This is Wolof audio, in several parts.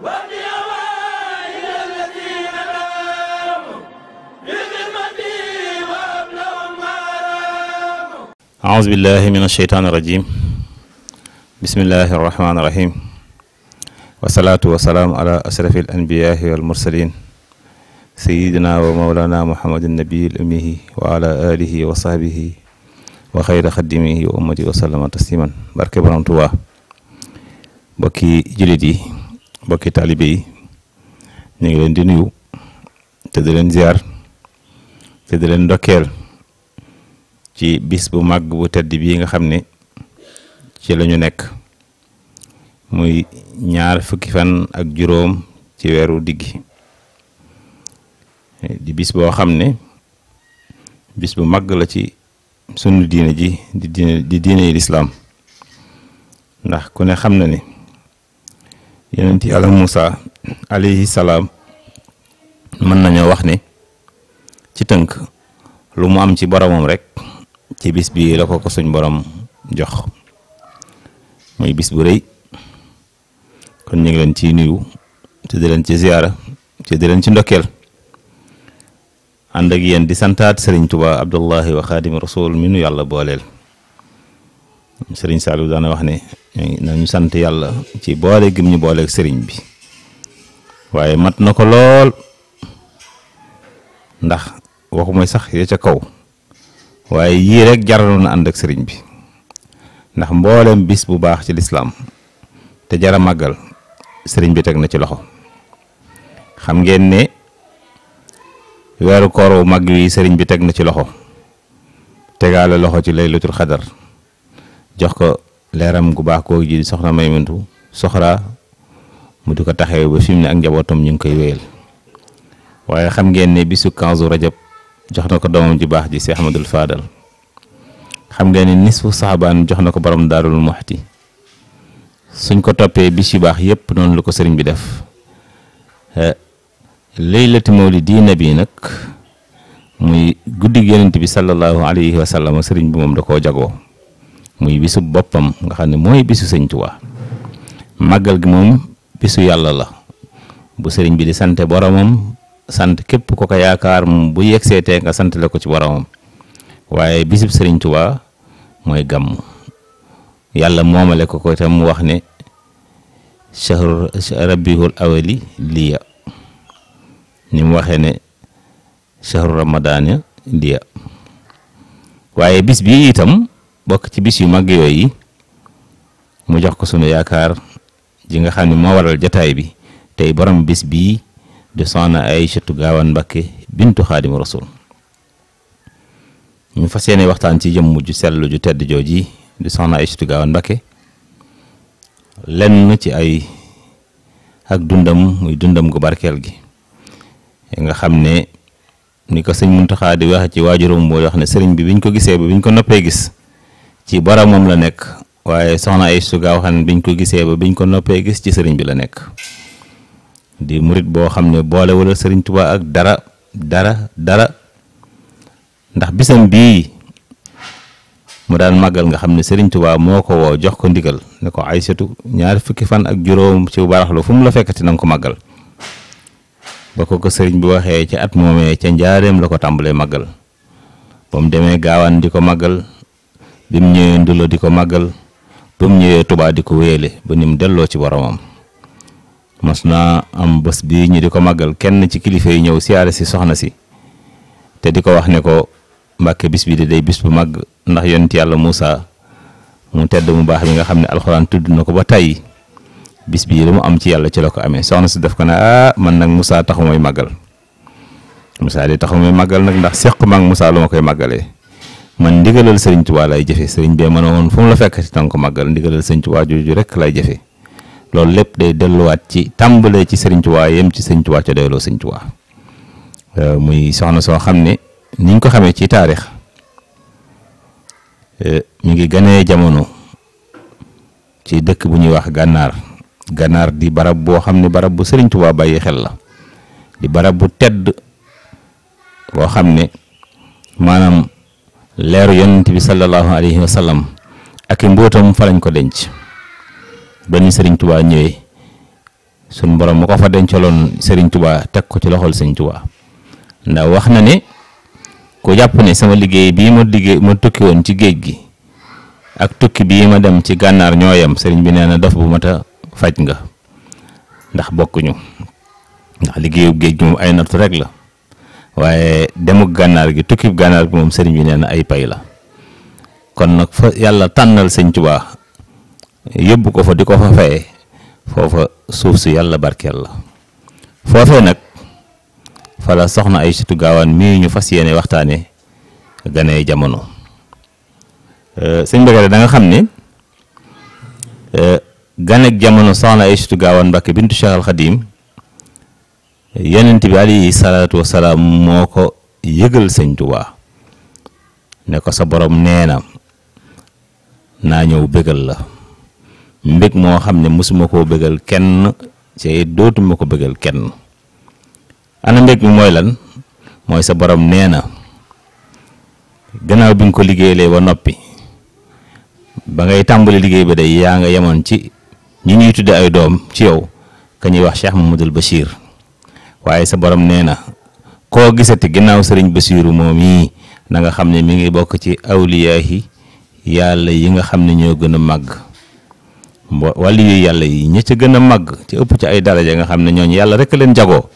الذين أعوذ بالله من الشيطان الرجيم بسم الله الرحمن الرحيم والصلاة والسلام على أشرف الأنبياء والمرسلين سيدنا ومولانا محمد النبي الأمي وعلى آله وصحبه وخير خدمه وأمتي وسلم تسليما بارك برام توا بكي جلدي mbokki taalibe yi ñu ngi leen di nuyu te leen ziar tëdd leen ndokkeel ci bis bu màgg bu tedd bii nga xam ne ci lañu nekk muy ñaar fukki fan ak juróom ci weeru diggi di bis boo xam ne bis bu màgg la ci sunu diine ji di diine di diine yi lislaam ndax ku ne xam na ni yonenti ala Musa alayhi Salam man nañu wax ne ci teunk lu mu am ci boromam rek ci bis bi la ko ko suñ borom jox muy bis bu rëy kon ñi ngi ci nuyu ci di ci ziyara ci di ci ndokel ànd ak di santat Serigne Touba Abdullahi wa Khadim Rasul minu yalla bolel sëriñ Saliou daana wax ne nañu sant yàlla ci boole gim ñu booleeg sëriñ bi waaye mat na ko lool ndax waxu mooy sax ya ca kaw waaye yii rek jaraloon na ànd ak sëriñ bi ndax mboolem bis bu baax ci lislaam te jara màggal sëriñ bi teg na ci loxo xam ngeen ne weeru koor wu mag wi sëriñ bi teg na ci loxo tegaale loxo ci laylatul xadar jox ko leeram gu baax kook ji di soxna Maymuntu soxra mu di ko taxawee ba fi mu ne ak njabootam ñu ngi koy wéyal waaye xam ngeen ne bisu kanzu rajab jox na ko doomam ji baax ji si Ahmadul Fadal xam ngeen ni nisfu saxabaan jox na ko borom daarul moxti suñ ko toppee bis yu baax yépp noonu lu ko sëriñ bi def eh, laylati mawlidi nabi nag muy guddi yonent bi sallallahu alayhi wa sallam sëriñ bi moom da koo jagoo muy bisu boppam nga xam ne mooy bisu sëñ Tuubaa màggal gi moom bisu yàlla la bu sëriñ bi di sante boromam sant képp ko ko yaakaar moom bu yegsee tee nga sant la ko ci boromam waaye bisub sëriñ Tuubaa mooy gàmm yàlla moomale ko ko itam wax ne shahru rabbihul awali liya ni mu waxee ne shahru ramadaana liya waaye bis bii itam bokk ci bis yu mag yooy mu jox ko sunu yaakaar ji nga xam ne moo waral jataay bi tey borom bis bi di soxna Aysatu Gaawaan Mbakke bintu xaadimu rasul ñu fas yéene waxtaan ci jëmm ju sell ju tedd jooji di soxna Aysatu Gaawaan Mbakke lenn ci ay ak dundam muy dundam gu barkeel gi nga xam ne ni ko sëñ Muntaxa di wax ci waajuram boo wax ne sëriñ bi biñ ko gisee ba biñ ko noppee gis ci mom la nekk waye soxna ay suga waxan biñ ko gisee ba biñ ko noppé gis ci serigne bi la nekk di murid bo xam boleh boole wala serigne touba ak dara dara dara ndax bisam bi mu daan magal nga xam serigne touba moko wo jox ko ndigal ne ko aïssatu ñaar fukki fan ak juroom ci baraxlu fu la fekkati nang ko magal ba ko ko bi waxee ci at momé ci ndiarém la ko magal màggal ba gawan demee magal di bim mu ñëwee ndulo magal ko màggal ba diko ñëwee tubaa di ko wéele ba ci boromam mas am bëss bi ñi diko magal kenn ci kilifa yi ñëw siara si soxna ci té diko wax né ko mbacké bis bi dé bis bu mag ndax yonent yalla Moussa mu tedd mu baax bi nga xamné alcorane tudd nako ba tay bis bi lu mu am ci yalla ci lako amé soxna ci def ko na ah man nak Moussa taxumay magal Moussa dé taxumay magal nak ndax seq ma Moussa lu ma koy magalé man ndigalal sëriñ tubaa lay jëfe sëriñ bee mën a woon fu mu la fekk ci tànk màggal ndigalal sëriñ tubaa jooju rek lay jëfe loolu lépp day delluwaat ci tàmbalee ci sëriñ tubaa yem ci sëriñ tubaa ca doyloo sëriñ tubaa euh, muy soxna soo xam ne niñ ko xamee ci taarix euh, mu ngi ganee jamono ci dëkk bu ñuy wax gànnaar gànnaar di barab boo xam ne barab bu sëriñ tubaa bàyyi xel la di barab bu tedd boo xam ne maanaam leer yonent bi sallallahu alayhi wa sallam ak mbotam fa lañ ko denc ben serigne touba ñewé sun borom mako fa dencalon serigne touba tek ko ci loxol serigne touba nda wax na ne ko japp ne sama liggey bi mo liggey mo tukki won ci geej gi ak tukki bi ma dem ci gannar ñoyam serigne bi neena na daf bu mata a nga ndax ñu ndax liggey geej gi ay rek la waaye demuk gànnaar gi tukkib gànnaar bi moom sëriñ bi nee na ay pay la kon nag fa yàlla tànnal sëñ Tuubaa yóbbu ko fa di ko fa faye foofa suuf si yàlla barkeel la foofee nag fa la soxna ay situ gaawaan mii ñu fas yéene waxtaane ganee jamono euh, sëñ Bakary danga nga xam ne euh, ganek jamono soxna ay situ gaawaan Mbàkke bintu Cheikh al yonent bi alayhi salaatu salaam moo ko yëgal sëñ Tuubaa ne ko sa borom nee naa ñëw bégal la mbég moo xam ne mosuma koo bëggal kenn ci dootuma ko bëggal kenn ana mbég mi mooy lan mooy sa borom nee na gannaaw bi nga ko liggéeylee ba noppi ba ngay tàmbali liggéey ba day yaa nga yemoon ci ñi ñuy tudde ay doom ci yow ka ñuy wax Cheikh Mamadul Bachir waaye sa borom nee na koo gisati ginnaaw sëriñ Basiiru moom yi na nga xam ne mi ngi bokk ci awliyaahi yàlla yi nga xam ne ñoo gën a màgg wàllu yu yàlla yi ña ca gën a màgg ci ëpp ci ay daraja nga xam ne ñooñu yàlla rekk leen jagoo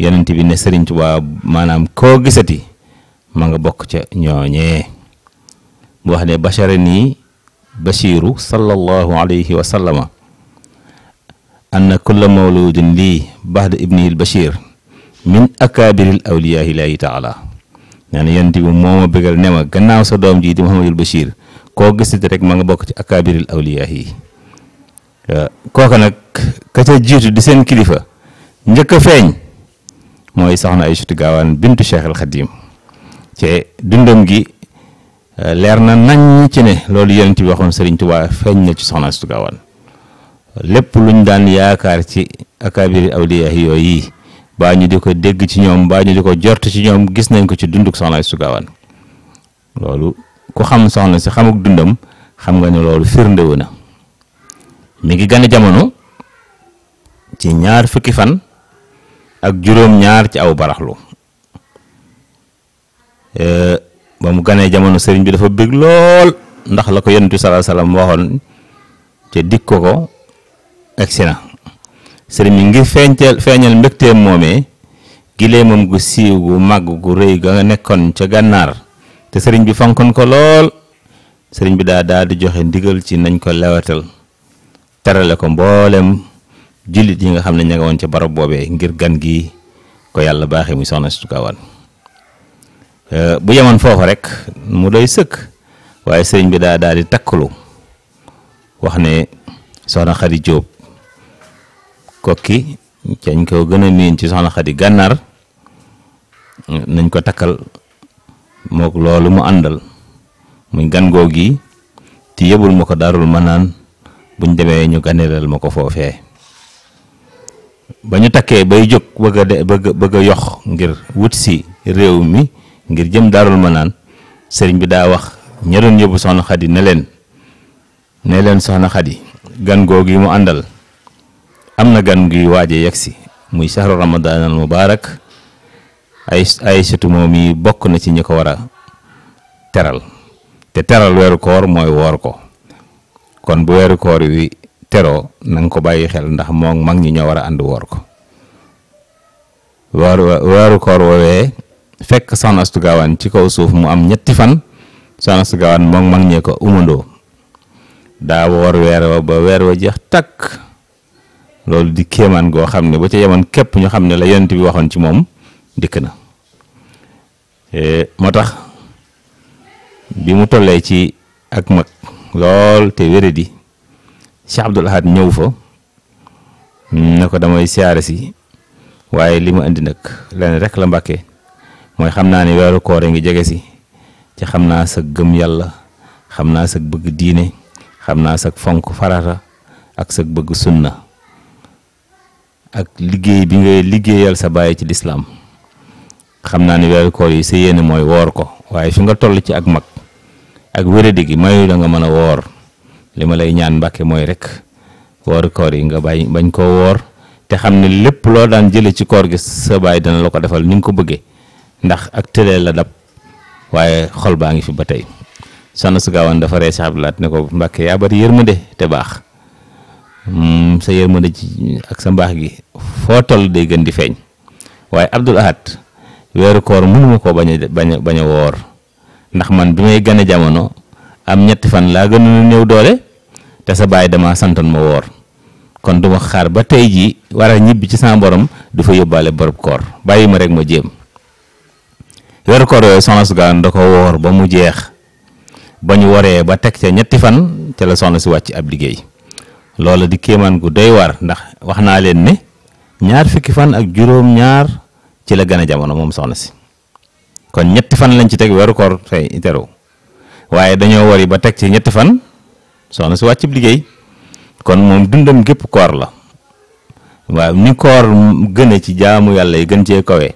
yonent bi ne sëriñ Tuubaa maanaam koo gisati ma nga bokk ca ñooñee mu wax ne bachara nii bachiru sallallahu alayhi wa أن كل مولود لي بعد ابنه البشير من أكابر الأولياء الله تعالى يعني ينتي موما بغل نما غناو سا دوم جي محمد البشير كو غيسيت رك ماغا بوك تي أكابر الأولياء هي كوكا نك كتا جيتو دي سين كليفا نجك فاغن موي سخنا عائشة غاوان بنت شيخ الخديم تي دندم جي leer na nañ ci ne loolu yonent bi waxoon Serigne Touba feeñ na ci lépp lu ñu daan yaakaar ci akabiri awliya yooyu baa ñu di ko dégg ci ñoom baa ñu di ko jort ci ñoom gis nañ ko ci dunduk soxna su gaawaan loolu ku xam soxna si xamuk dundam xam nga ne loolu firndewu na mi ngi gane jamono ci ñaar fukki fan ak juróom-ñaar ci aw baraxlu ba mu ganee jamono sëriñ bi dafa bëgg lool ndax la ko yonent bi sallallahu waxoon te dikk ko ko excellent sëriñ mi ngir feeñteel feeñal mbégteem moomee mom gu siiw gu caganar gu rëy ga nekkoon ca te sëriñ bi fonkoon ko lool sëriñ bi daa di joxe ndigal ci nañ ko lewatal terale ko mboolem jullit yi nga xam ne ña nga woon ca barab boobee ngir gan gi ko yàlla baaxee muy eh, bu rek mu doy bi di ne soxna Xadi Koki, cagn ko gëna a ci soxna xadi gànnaar nañ ko takal mok loolu mu andal muy gan gogi ti yebul mako darul manan buñ demee ñu ganelal mako fofé bañu ba bay jóg bëgg bëgg bëgg yox ngir wutsi si réew ngir jëm darul manan sëriñ bi nyerun wax ñëron yebul soxna xadi ne kadi, soxna xadi gan gogi mu andal am gan gi waje yaksi muy sahru ramadan al mubarak ay Aysatu moom yi na ci ñiko wara teral te teral weeru koor moy wor ko kon bu weeru koor wi tero nang ko bayyi xel ndax moom mag ñi ñoo wara and wor woor ko weeru koor wowe fekk sanastu gawan ci kaw suuf mu am ñetti fan sanastu gawan mo moom mag ñee ko umandoo da wor weer ba jeex tak loolu di kéemaan goo xam ne boo ca yemoon képp ñu xam ne la yonent bi waxoon ci moom dikk na eh, moo tax bi mu tollee ci ak mag lool te wéradi Cheikh Abdoul Ahad ñëw fa mm, ne ko damay siyaare si waaye li ma indi nag leen rek la mbàkke mooy xam naa ne weeru koor ngi jege si ci xam naa sag gëm yàlla xam naa sag bëgg diine xam naa sag fonk farata ak sa bëgg sunna ak liggéey bi ngay liggéeyal sa baay ci lislaam xam naa ni weeru koor yi sa yéene mooy woor ko waaye fi nga toll ci ak mag ak wéradi gi mayu la nga mën a woor li ma lay ñaan mbàkke mooy rek wooru koor yi nga bàyyi bañ koo woor te xam ne lépp loo daan jële ci koor gi sa baay dana la ko defal ni nga ko bëggee ndax ak tële la dab waaye xol baa ngi fi ba tey soxna su gaawaan dafa ree Cheikh Abdou Lahad ne ko mbàkke yaa bari yërmande te baax Hmm, sa yërmande ci ak sa mbax gi fo tol day gën di feñ waaye abdul ahad wéru koor mënuma koo bañ baña baña a ndax man bi may gëna jamono am ñetti fan la gën a néew doole te sa baye dama santon mo wor kon duma xaar ba tay ji war ñibbi ci sa borom du fa yobale borop koor bàyyi ma rek ma jëm wéru koor yo sonna su gaan da ko ba mu jeex bañu woré ba tek ca ñetti fan la sonna wacc ab liggéey lolo di kéemaan gu doy war ndax waxna len leen ne ñaar fukki fan ak juróom ñaar ci la gëna jamono mom soxna ci kon ñetti fan lañ ci kor weeru koor tay danyo waye dañu wari ba teg ci ñetti fan soxna ci wacc kon mom dundam gep koor la wa ni koor gëne ci jaamu yalla yi gën ci kawé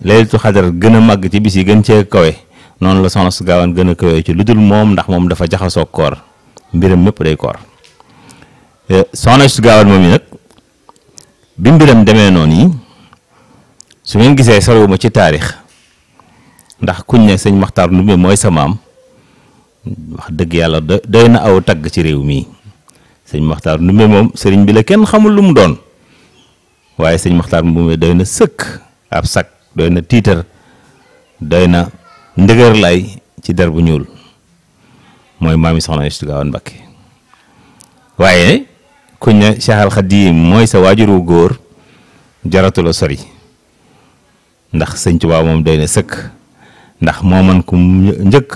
laylatul xadar gëna mag ci bisi gën ci kawé non la soxna dah gawan gëna kawé ci luddul mom ndax mom dafa jaxaso koor mbirum mepp day koor Eh, soxna su moom yi nag bi mbiram demee noon yi su ngeen gisee sorewuma ci taarix ndax kuñ ne sëñ Maxtaar Ndumbe mooy sa maam wax dëgg yàlla doy na aw tagg ci réew mii sëñ Maxtaar Ndumbe moom sëriñ bi la kenn xamul lu mu doon waaye sëñ Maxtaar Ndumbe doy na sëkk ab sag doy na tiitar doy na ndëgër ci der bu ñuul mooy maam yi soxna Astu Mbakke waaye koñ na Cheikh Al mooy sa waajuru góor jaratu la sori ndax sëñ Tuubaa moom doy na sëkk ndax moo man ku njëkk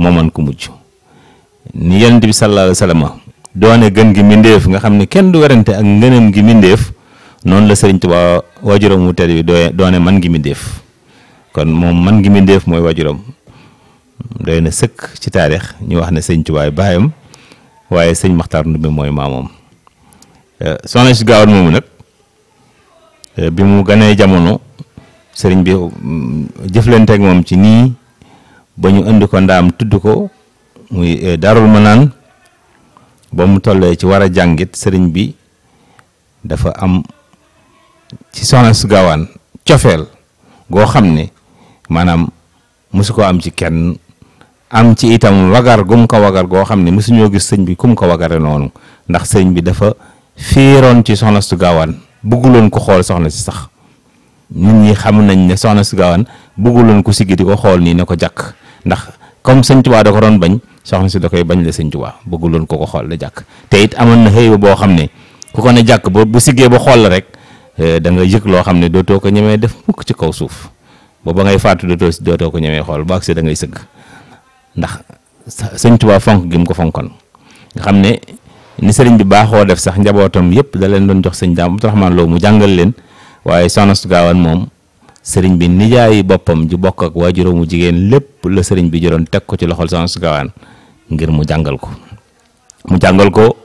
moo man ku mujj ni yonent bi sallallaahu alayhi doone gën gi mbindéef nga xam ne kenn du werante ak ngënam gi mbindéef noonu la sëriñ Tuubaa waajuram wu tedd bi doo doone man mi mbindéef kon moom man gi mbindéef mooy waajuram doy na sëkk ci taarix ñu wax ne sëñ Tuubaa baayam waaye sëñ Maxtaar Ndumbe mooy maamoom Eh, soxna si gaawaan moomu nag eh, bi mu ganee jamono sëriñ bi mm, jëflante moom ci nii ba ñu indi ko ndaam tudd ko muy eh, darul manaan ba mu tollee ci wara a jàngit sëriñ bi dafa am ci soxna si gaawaan cofeel goo xam ne maanaam mosu ko am ci kenn am ci itam wagar gum ko wagar goo xam ne mosuñoo gis sëñ bi kum ko wagare noonu ndax sëriñ bi dafa fiiroon ci soxna su gaawaan bëgguloon ko xool soxna si sax nit ñi xam nañ ne soxna su gaawaan bëgguloon ko siggi di ko xool nii ne ko jàkk ndax comme sëñ Tuubaa da ko doon bañ soxna si da koy bañ la sëñ Tuubaa bëgguloon ko ko xool la jàkk te it amoon na xëy boo xam ne ku ko ne jàkk ba bu siggee ba xool la rek eh, da nga yëg loo xam ne dootoo ko ñemee def mukk ci kaw suuf booba ngay faatu dootoo ko ñemee xool bu àggsee da sëgg ndax sëñ Tuubaa fonk gi mu ko fonkoon nga xam ne ni sëriñ bi baaxoo def sax njabootam yépp da leen doon jox sëñ daam Abdourahmane Lo mu jangal leen waye sanas gawan mom moom sëriñ bi nijaayi bopam ju bok ak waajuram mu jigen lépp la sëriñ bi jëloon tek ko ci loxol soxna gawan ngir mu jangal ko mu jangal ko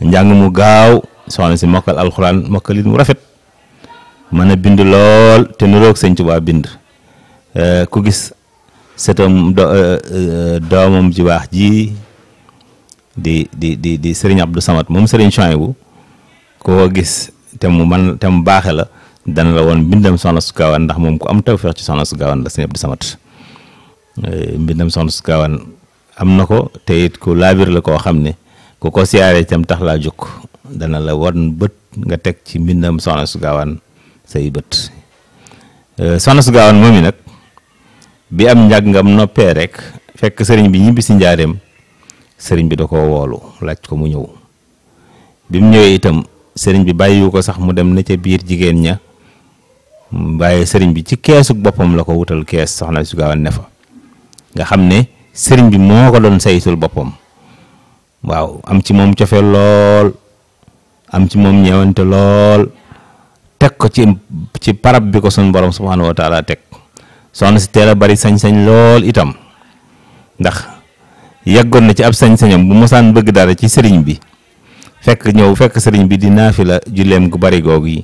njàng mu gaaw soxna mokal alquran alxuraan mu rafet mën bind lool te nuroog sëñ Tuubaa bind eh, ku gis sëtam eh, eh, doomam ji wax ji di di di di serigne abdou samad mom serigne chouaibou ko gis te mu man te mu baxé la dan la won bindam sonna su ndax mom ko am tawfiq ci sonna su la serigne abdou samad eh, bindam sonna su am nako te it ku labir la ko xamné ku ko siaré tam tax la juk dana la won beut nga tek ci bindam sonna su sey beut euh sonna gaawan momi nak bi am no pé rek fekk serigne bi ñibbi si sëriñ bi da koo lacc ko mu ñew bimu ñewé itam sëriñ bi bayyi ko sax mu dem na ca biir jigen ña baye sëriñ bi ci kessu bopam lako wutal kess soxna su gaawan nefa fa nga xamne ne bi moko don saytul bopam waaw am ci moom cofe lol am ci mom ñewante lol tek ko ci ci parab bi ko sun borom subhanahu wa taala tek soxna ci teel bari sañ-sañ lol itam ndax yàggoon na ci ab sañ-sañam bu mosaan bëgg dara ci sëriñ bi fekk ñëw fekk sëriñ bi di naafila julleem gu bari googu yi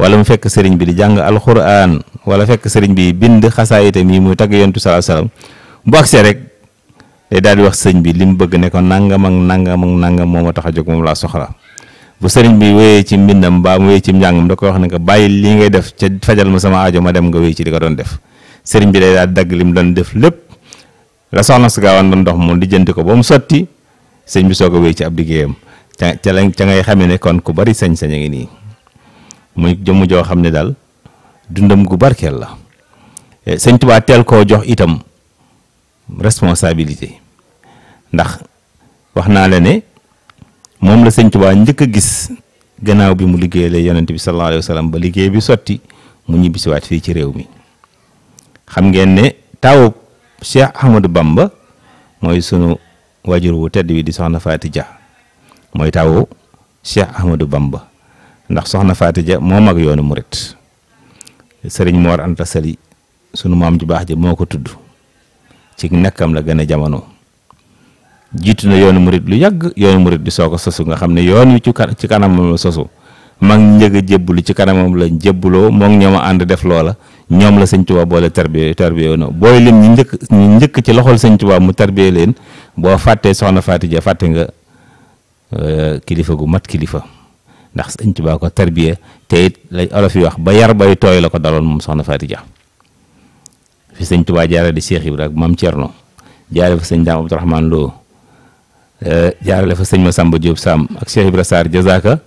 wala mu fekk sëriñ bi di jàng alxuraan wala fekk sëriñ bi bind xasaayitam yi muy tagg yontu salaa salaam bu agsee rek daal di wax sëñ bi li mu bëgg ne ko nangam ak nangam ak nangam tax a jóg moom laa soxla bu sëriñ bi wéyee ci mbindam mbaa mu wéyee ci njàngam da koy wax ne ko bàyyi li ngay def ca fajal ma sama aajo ma dem nga wéy ci li ko doon def sëriñ bi day dagg li mu doon def lépp la soxna su do ndox mu lijjanti ko bo mu soti sëñ bi soog wéy ci ab liggéeyam ca lañ ca ngay xamé ne kon ku bari sañ-sañ ngi ni muy jëm jo xamné dal dundam gu barkel la sëñ tuba tel ko jox itam responsabilité ndax waxna la ne mom la sëñ tuba ñëk gis gannaaw ya bi mu liggéeyale yonent bi sallallahu alayhi wasallam ba liggéey bi soti mu ñibbisiwaat fi ci réew mi xam ngeen ne taw Cheikh Ahmadou Bamba mooy sunu wajur wu tedd wi di soxna Faati Ja mooy taw Cheikh Ahmadou Bamba ndax soxna Faati Ja moo mag yoonu murit sëriñ Moor Anta Sali sunu maam ju baax ji moo ko tudd ci nekkam la gën a jamono jiitu na yoonu murit lu yàgg yoonu murit di soo ko sosu nga xam ne yoon wi ci kanamam la sosu mag njëg a jébbalu ci kanamam la jébbaloo moom ñoo ma ànd def loola ñoom la sëñ Tuubaa boole tarbiye tarbiye na booy lim ñu njëkk ñu njëkk ci loxol sëñ Tuubaa mu tarbiye leen boo fàttee soxna Faati Ja fàtte nga euh, kilifa gu mat kilifa ndax sëñ Tuubaa ko tarbiye te it olof yi wax ba yar bay tooy la ko daloon moom soxna Faati Ja fi sëñ Tuubaa jaarale di Cheikh rek ak Maam Cerno jaarale fa sëñ Daam Abdourahmane Lo euh, jaarale fa sëñ Masamba Diop Sam ak Cheikh Ibra Sarr jazaaka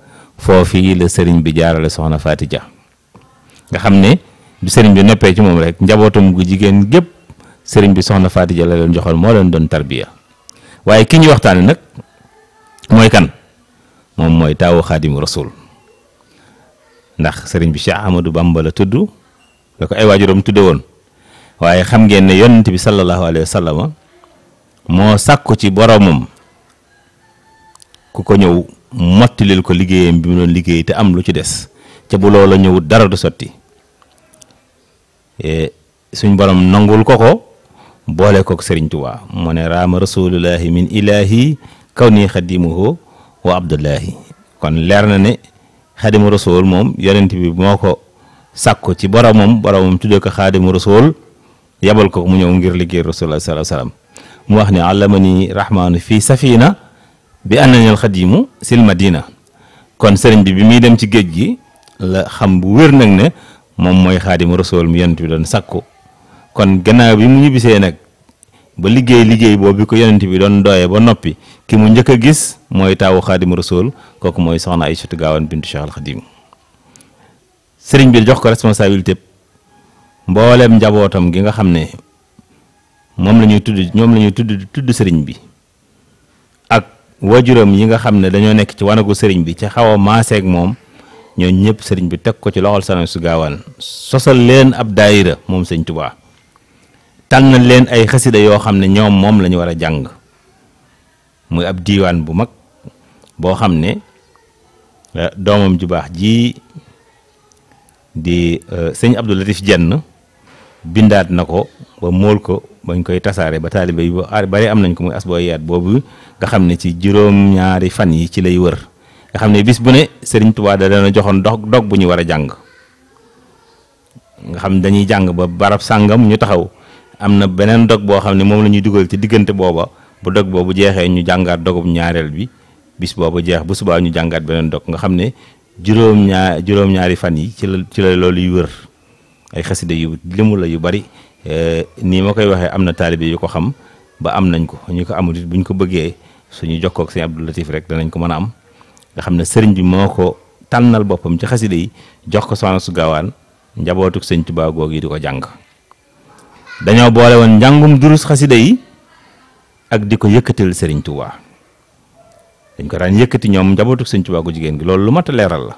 foofii la sëriñ bi jaarale soxna Faati Ja nga xam ne bi sëriñ bi noppee ci mom rek njabotum gu jigen gep sëriñ bi soxna fatidja la leen joxal mo leen don tarbiya waye ki ñu waxtane nak moy kan mom moy tawu khadim rasul ndax sëriñ bi Cheikh amadou Bamba la tuddu lako ay waajuram tudde won waye xam ngeen ne yonnati bi sallallahu alayhi wasallam mo sakku ci boromum ku ko ñëw ko liggéeyam bi mu don te am lu ci dess ca bu lolo ñew dara du soti E, suñ borom nangul ko ko boole kook sëriñ tubaa mu ne raama rasulullahi min ilahi kaw nii xadimuhu wa abdullahi kon leer na ne xadimu rasul moom yonent bi moo ko sàkku ci boromam boromam tudde ko xadimu rasul yabal ko mu ñëw ngir liggéey rasulullah sallallahu alayhi wasallam mu wax ne allamani rahmaanu fii safina bi annani al xadimu sil madina kon sëriñ bi bi muy ci géej gi la xam ne moom mooy xaadimu rasool mi yonent bi doon sakku kon gannaaw bi mu ñibbisee nag ba liggéey liggéey boobu bi ko yonent bi doon dooyee ba noppi ki mu njëkk a gis mooy taawu xaadimu rasool kooku mooy soxna Aysatu Gaawan bintu Cheikh al Xadim sëriñ bi jox ko responsabilité mbooleem njabootam gi nga xam ne moom la ñuy tudd ñoom lañuy ñuy tudd tudd sëriñ bi ak wajuram yi nga xam ne dañoo nekk ci wanagu sëriñ bi ci xaw a maaseeg moom ñooñu ñëpp sëriñ bi teg ko ci loxol Sanusi su gaawaan sosal leen ab daayira moom sëñ Tubaa tànn leen ay xasida yoo xam ne ñoom moom lañu ñu war a jàng muy ab diiwaan bu mag boo xam ne eh, doomam jubaax baax ji di eh, sëñ Abdou Latif Jenn bindaat na ko ba mool ko bañ koy tasaare ba taalibe yu bari am nañ ko muy as yaat boobu nga xam ne ci juróom-ñaari fan yi ci lay wër nga xamne bis bu ne serigne touba da dana joxoon dog dog bu ñu wara jang nga xam dañuy jang ba barap sangam ñu taxaw amna benen dog bo xamne mom moom duggal ci digënté booba bu dog bobu jexé ñu jàngaat dogub ñaarël bi bis bobu jex bu suba ñu jàngaat benen dog nga xamne juroom ñaar juroom ñaari fan yi ci la loolu yu wër ay yu limu la yu bari eh, nii ma koy waxe am na yu ko xam ba am nañ ko ñu ko amul buñ ko jokok suñu ak Seigne Abdou Latif rek dañ ko mëna am nga xamne ne bi moko tanal bopam ci xasida yi jox ko soxna su gaawaan njabotuk sëñ tubaa gogui diko jang daño bolé won jangum durus xasida yi ak di ko yëkkatil sëriñ dañ ko daan yëkkati ñom njabotuk sëñ tubaa gu jigen gi loolu lu leral a la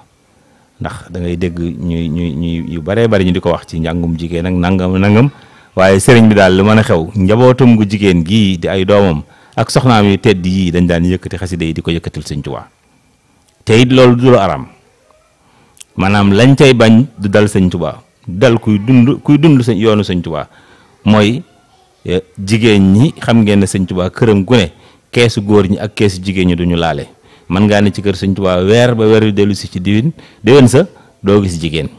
ndax da ngay dégg ñuy ñuy ñuy yu bare bare ñu di ko wax ci jangum jigen ak nangam nangam waye sëriñ bi dal lu mën xew njabotum gu jigen gi di ay domam ak soxnaam yu tedd dañ daan yëkkati xasida yi di ko yëkkatil sëñ te it loolu du lu araam maanaam lañ cay bañ du dal sëñ tubaa dal kuy dund kuy dund sëñ yoonu sëñ tubaa mooy e, jigéen ñi xam ngeen ne sëñ tubaa këram gu keesu góor ñi ak keesu jigéen ñi duñu laale mën ngaa ne ci kër sëñ tubaa weer ba weer yu dellu si ci diwin déwén sa doo gis jigéen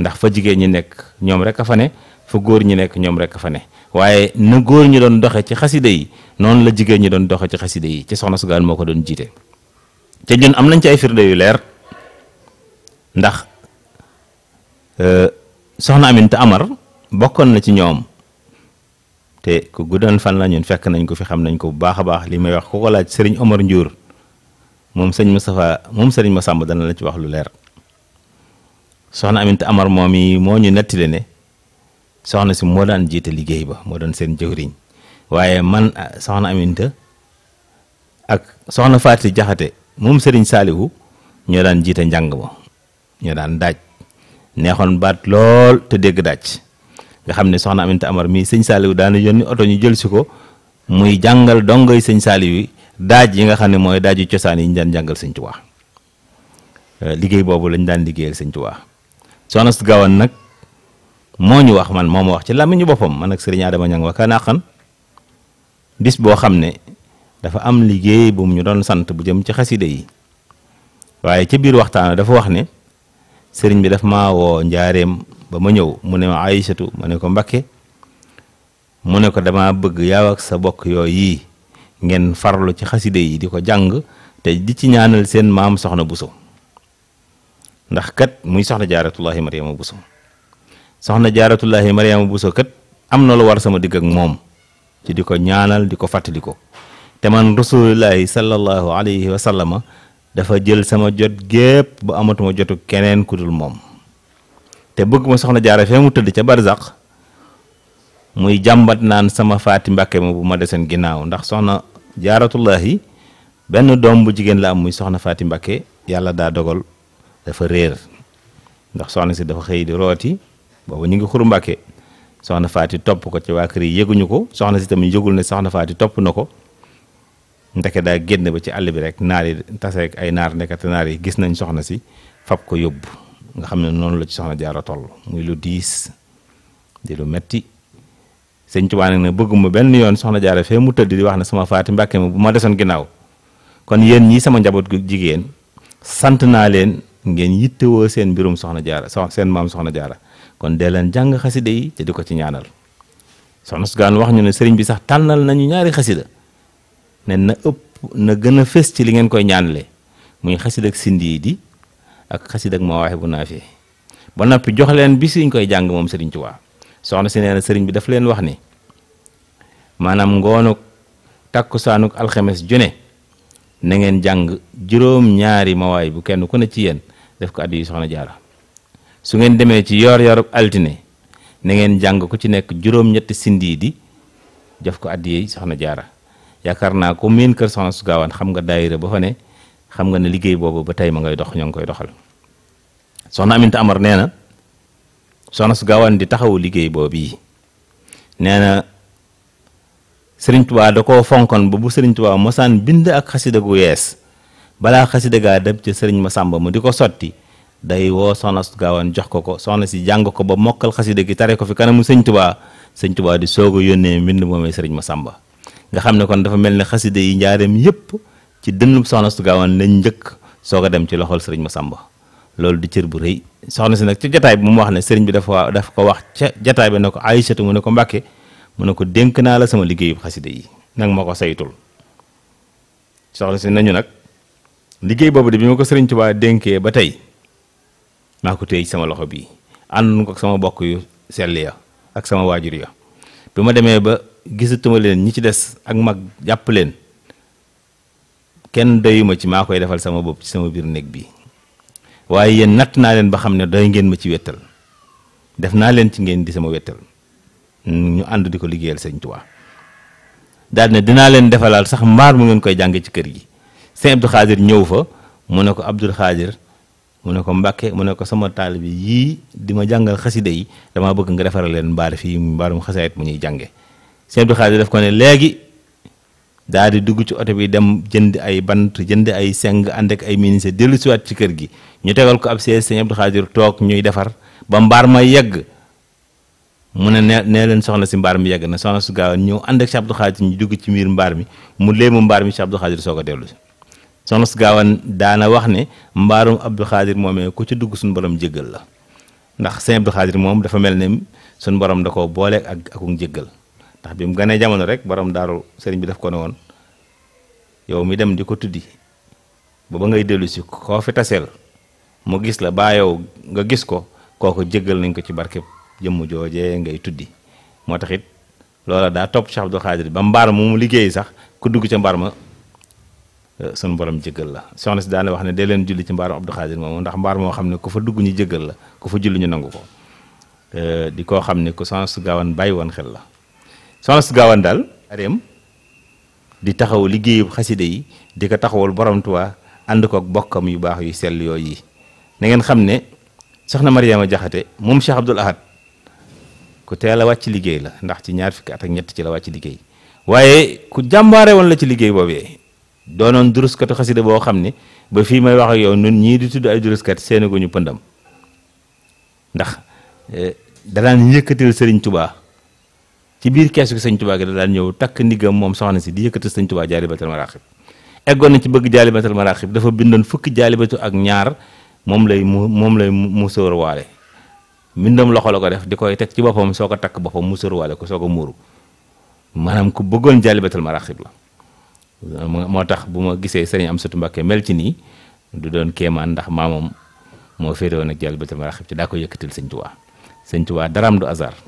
ndax fa jigéen ñi nekk ñoom rek a fa ne fa góor ñi nekk ñoom rek a fa ne waaye na góor ñi doon doxe ci xasida yi noonu la jigéen ñi doon doxe ci xasida yi ci soxna su gaan moo ko doon jiite te ñun am nañ ci ay firnde yu leer ndax euh, soxna Aminta Amar bokkoon na ci ñoom te ku guddoon fan la ñun fekk nañ ko fi xam nañ ko bu baax a baax li may wax ku ko laaj sëriñ Omar Ndiour moom sëñ Moustapha moom sëriñ Massamba dana la ci wax lu leer soxna Aminta Amar moom yi moo ñu nettali ne soxna si moo daan jiite liggéey ba moo doon seen jëwriñ waaye man soxna Aminta ak soxna Faati Jaxate mom serigne saalihu ñu daan jité jang mo ñu daan daj neexon baat lol te deg daj nga xamne soxna Aminta Amar mi serigne saalihu daana yoni auto ñu jël si ko muy jangal dongay serigne saalihu daj yi nga xamne moy mooy daaju cosaan yi ñu daan jangal serigne touba euh, liggey bobu lañ daan liggéeyal serigne touba soxna su gaawan nag ñu wax man moo wax ci lamiñu bopam man ak serigne Adama ñang wa kana xan bis bo xamne dafa am liggéey bu mu ñu doon sant bu jëm ci xasida yi waaye ci biir waxtaan dafa wax ne sëriñ bi daf maa woo njaareem ba ma ñëw mu ne ma Aysatu ma ne ko Mbakke mu ne ko dama bëgg yaaw ak sa bokk yooyu yi ngeen farlu ci xasida yi di ko jàng te di ci ñaanal seen maam soxna Buso ndax kat muy soxna jaaratullahi Mariama Buso soxna jaaratullahi Mariama Buso kat am na lu war sama digg ak moom ci di ko ñaanal di ko ko te man rasulullahi sallallahu alayhi wa sallama dafa jël sama jot gépp bu amatuma jotu keneen ku dul moom te bëgg ma soxna jaara mu tëdd ca barzaq muy jàmbat naan sama faati mbàkke ma bu ma deseen ginnaaw ndax soxna jaaratullahi benn doom bu jigéen la am muy soxna faati mbàkke yàlla daa dogal dafa réer ndax soxna si dafa xëy di rooti boobu ñu ngi xuru mbàkke soxna faati topp ko ci waa kër yi yëguñu ko soxna si tamit yëgul ne soxna faati topp na ko ndeke daa génn ba ci àll bi rek naar yi taseeg ay naar ndekete naar yi gis nañ soxna si fab ko yóbbu nga xam ne noonu la ci soxna jaara toll muy lu diis di lu metti sëñ Tuubaa nag ne bëgguma benn yoon soxna jaara fee mu tëdd di wax na sama faati mbàkke ma bu ma desoon ginnaaw kon yéen ñii sama njaboot gu jigéen sant naa leen ngeen yittewoo seen mbirum soxna jaara seen maam soxna jaara kon dee leen jàng xasida yi te di ko ci ñaanal soxna su gaan wax ñu ne sëriñ bi sax tànnal nañu ñaari xasida ne na ëpp na gën a fës ci li ngeen koy ñaanle muy xasid ak sindi di ak xasid ak mawaaxe bu naafi ba noppi jox leen bi siñ koy jàng moom sëriñ Tuubaa soxna si nee na sëriñ bi daf leen wax ni maanaam ngoonuk takkusaanuk alxames june na ngeen jàng juróom ñaari mawaay bu kenn ku ne ci yéen def ko addi yu soxna jaara su ngeen demee ci yor yorub altine na ngeen jàng ku ci nekk juróom-ñetti sindii di ko addi soxna jaara yakarna ku min keur soxna su gaawaan xam nga daayira ba fa ne xam nga ne liggey bobu ba tay ma ngay dox ñong koy doxal Aminta Amar neena na su di taxawu liggey bobu neena serigne touba da ko fonkon bu serigne touba mosaan bind ak khassida gu yes bala khassida ga dab ci serigne Masamba mu di ko day wo soxna su jox ko ko soxna si jang ko ba mokkal khassida gi tare ko fi kanam serigne touba serigne touba di sogo a min momay serigne Masamba nga xamne kon dafa melni ne yi ñaarem yépp ci dëndu soxna su gawan lañ ñëk soga dem ci loxol serigne massamba lolou di cër bu rëy soxna si nak ci jotaay bu mu wax ne serigne bi dafa daf ko wax ci jotaay bi nako ko mu ne ko mbacké mu ne ko denk na la sama liggéeyu xaside yi nak mako saytul soxna si nañu nak liggéey bobu di bima ko serigne Tuubaa denké ba tay mako tey sama loxo bi àndoon ko sama bokk yu sell ya ak sama waajur ya bima démé ba gisatuma len ñi ci dess ak mag japp len kenn dayuma ci makoy defal sama bop ci sama bir néeg bi waye yeen nat na len ba xamne doy ngeen ma ci wettal def na len ci ngeen di sama wettal ñu and di liggeel liggéeyal sëñ dal ne dinaa leen sax mbar mu ngeen koy jang ci kër gi Abdou Khadir ñew fa mu ne ko Abdou Khadir mu ne ko mbacke mu ne ko sama taalibe yi di jangal jàngal yi dama bëgg nga defaral leen mbaar bar mbaarum xasaayit mu ñuy jànge seen Abdou Khadir daf ko ne léegi daa di dugg ci oto bi dem jënd ay bant jënd ay seng ànd ak ay ministre dellu siwaat ci kër gi ñu tegal ko ab sees sëñ Abdou Khadir toog ñuy defar ba mbaar ma yegg mu ne nee nee leen soxna si mbaar mi yegg na soxna su gaaw ñëw ànd ak Cheikh Abdou Khadir ñu dugg ci miir mbaar mi mu léemu mbaar mi Cheikh Abdou Khadir soo ko dellu si soxna su gaawan daana wax ne mbaarum Abdou Khadir moomee ku ci dugg suñ borom jéggal la ndax sëñ moom dafa mel ne suñu borom da koo boole ak akum jéggal ndax bi mu ganee jamono rek borom daru serign bi daf ko ne yow mi dem diko tuddi bo ba ngay delu ci ko fi tassel mu gis la baa yow nga gis ko kooku jéggal nañ ko ci barke jëm jojé ngay tuddi motaxit lola da top Cheikh Abdou Khadir ba mbar mu mu liggéey sax ku dugg ci mbar ma eh, sun borom jëggal la soxna si daane wax ne de len julli ci mbar Abdou Khadir mom ndax mbar mo xamne ku fa dugg ñu jëggal la ku fa julli ñu nangu ko eh, di ko xamne ku sans gawan bàyyi xel la soxna gawandal, arem di taxaw liggey xaside yi di ko taxawul borom tuwa and ko ak bokkam yu bax yu yoy yi na ngeen xamne soxna Mariama Jaxate mom Cheikh abdul Ahad ku teela wacc liggey la ndax ci ñaar fik at ak ñett ci la wacc liggey waye ku jambaare won la ci liggéey boobee doonoon durus xaside boo bo xamne ba fi may wax ak yow nun ñi di tuddu ay kat seeni guñu pendam ndax eh, danaan yëkkatil serigne touba ci biir keesu sëñ tubaa gi da daan ñëw takk ndigam moom soxna si di yëkkati sëñ tubaa jaalibatal maraaxib eggoon na ci bëgg jaalibatal maraaxib dafa bindoon fukki jaalibatu ak ñaar moom lay mu moom lay musóor waale mbindam loxo la ko def di koy teg ci boppam soo ko takk boppam musóor waale ko soo ko muuru maanaam ku bëggoon jaalibatal maraaxib la moo tax bu ma gisee am Amsatu Mbàkke mel ci nii du doon kemaan ndax maamam moo féetewoon ak jaalibatal maraaxib ci daa ko yëkkatil sëñ tubaa sëñ tubaa am du hasard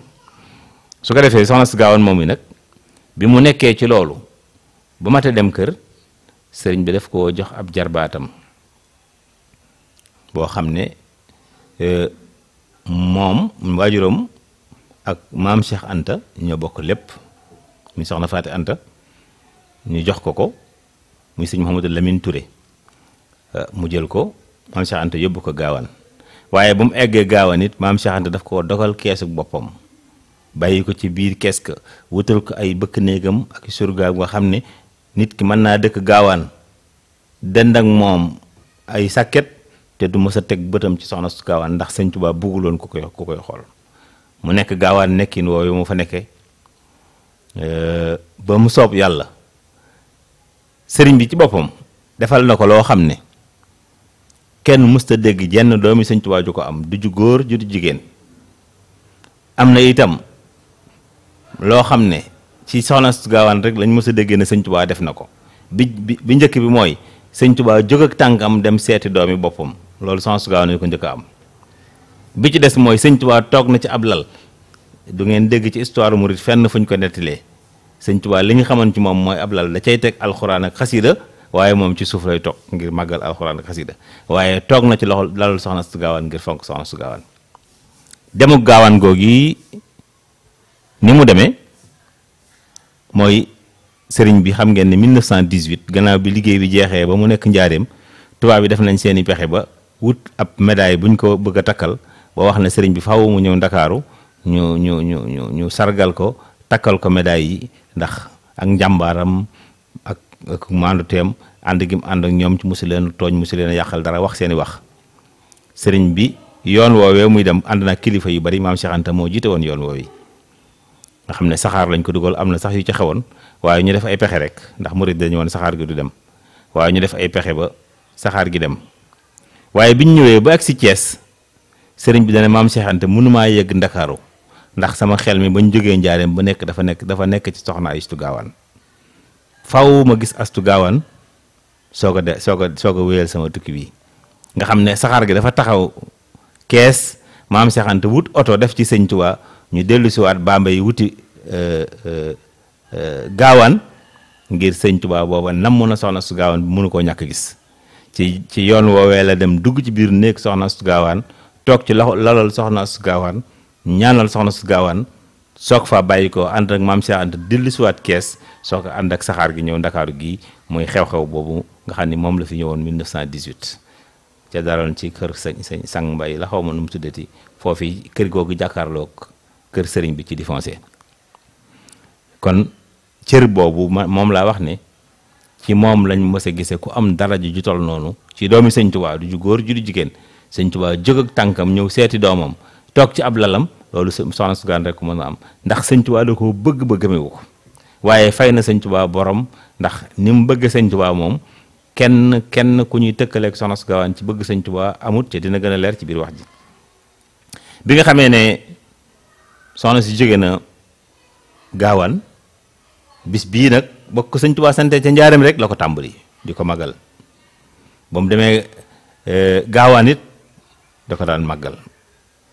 su ko defee soxna si gaawoon moom yi nag bi mu nekkee ci loolu bu mate dem kër sëriñ bi daf koo jox ab jarbaatam boo xam ne e, moom waajuram ak maam Cheikh Anta ñoo bokk lépp muy soxna Faati Anta ñu jox ko ko muy sëñ Mouhamadou Lamine Touré e, mu jël ko maam Cheikh Anta yóbbu ko gaawaan waaye bu mu eggee gaawa nit maam Cheikh Anta daf koo dogal keesu boppam bàyyi ko ci biir kesk ka wutal ko ay bëkk néegam ak surga nga xamne nit ki man na dekk gawan dend ak mom ay saket te du mës tek teg bëtam ci soxna gawan gaawaan ndax sëñ Tuubaa bugguloon ko koy ku koy xol mu nekk gawan nekkin woowu mu fa euh ba mu soob yalla sëriñ bi ci bopam defal nako lo xamne kenn musta deg jenn doomi sëñ Tuubaa juko am du ju góor ju du jigen am na itam loo xam ne ci soxna su gaawaan rek lañ mës a déggee ne sëñ tubaa def na ko bi bi njëkk bi mooy sëñ tubaa jóg ak tànkam dem seeti doomi boppam loolu soxna su gaawaan lañ ko njëkk am bi ci des mooy sëñ tubaa toog na ci ab lal du ngeen dégg ci histoire murit fenn fuñ ko nettalee sëñ tubaa li ñu xamoon ci moom mooy ab lal da cey teg alxuraan ak xasida waaye moom ci suuf lay toog ngir màggal alxuraan ak xasida waaye toog na ci loxo lalul soxna su gaawaan fonk soxna su ni mu demee mooy sëriñ bi xam ngeen ne 1918 gannaaw bi liggéey bi jeexee ba mu nekk njaareem tubaab bi def nañ seeni pexe ba wut ab médaille buñ ko bëgg a takkal ba wax ne sëriñ bi faw mu ñëw ndakaaru ñu ñu ñu ñu sargal ko takkal ko médaille yi ndax ak njàmbaaram ak ak maandu teem ànd gi mu ànd ak ñoom ci musu leen tooñ mu musu leen a yàqal dara wax seen i wax sëriñ bi yoon woowee muy dem ànd na kilifa yu bari maam Cheikh moo jiite woon yoon woowee nga xamne saxar lañ ko duggal amna sax yu ci xewon waye ñu def ay pexé rek ndax murid dañu won saxar gi du dem waye ñu def ay pexé ba saxar gi dem waye biñ ba ci ties sëriñ bi dañe maam Cheikh Anta yegg ndakaaru ndax sama xel mi bañ joggé ndiarém bu nekk dafa nekk dafa nekk ci soxna istu gawan, faaw ma gis Astu gawan soga de soga soga wëyel sama tukki bi nga xamne saxar gi dafa taxaw kees maam Cheikh Anta wut auto def ci ñu dellusiwaat si waat Bambey wuti euh, euh, euh, gaawaan ngir sëñ Tuubaa booba nam mun a soxna su gaawaan mënu koo ñàkk gis ci ci yoon woowee la dem dugg ci biir néeg soxna su gaawaan toog ci loxo lalal soxna su gaawaan ñaanal soxna su gaawaan soog faa bàyyi koo ànd ak maam Cheikh Anta dellu si waat kees soog ànd ak saxaar gi ñëw ndakaaru gi muy xew-xew boobu nga xam ni moom la fi ñëwoon 1918 ca daroon ci kër sëñ sëñ sang mbay la xaw ma nu mu tuddati foofu kër googu jàkkaarloog kër sëriñ bi ci di kon cër bobu mom la wax ne ci mom lañ mësa a ku am dara ju toll nonu ci doomi sëñ tuba du ju góor ju du jigen sëñ tuba jëg ak tankam ñew séti doomam tok ci ab lalam lolu soxna su gaan rek mën a am ndax sëñ tuba da ko bëgg ba gëmewu wu waye fayna na tuba borom ndax nim bëgg sëñ tuba mom kenn kenn ku ñuy tëkkaleeg soxna su gawan ci bëgg señ tuba amut ci dina gëna a leer ci biir wax ji bi nga xamé soxna si jóge na gaawaan bis bii nag bokk sëñ Tuubaa sante ca njaareem rek la ko tàmbali di ko maggal ba mu demee eh, gaawaan it da ko daan màggal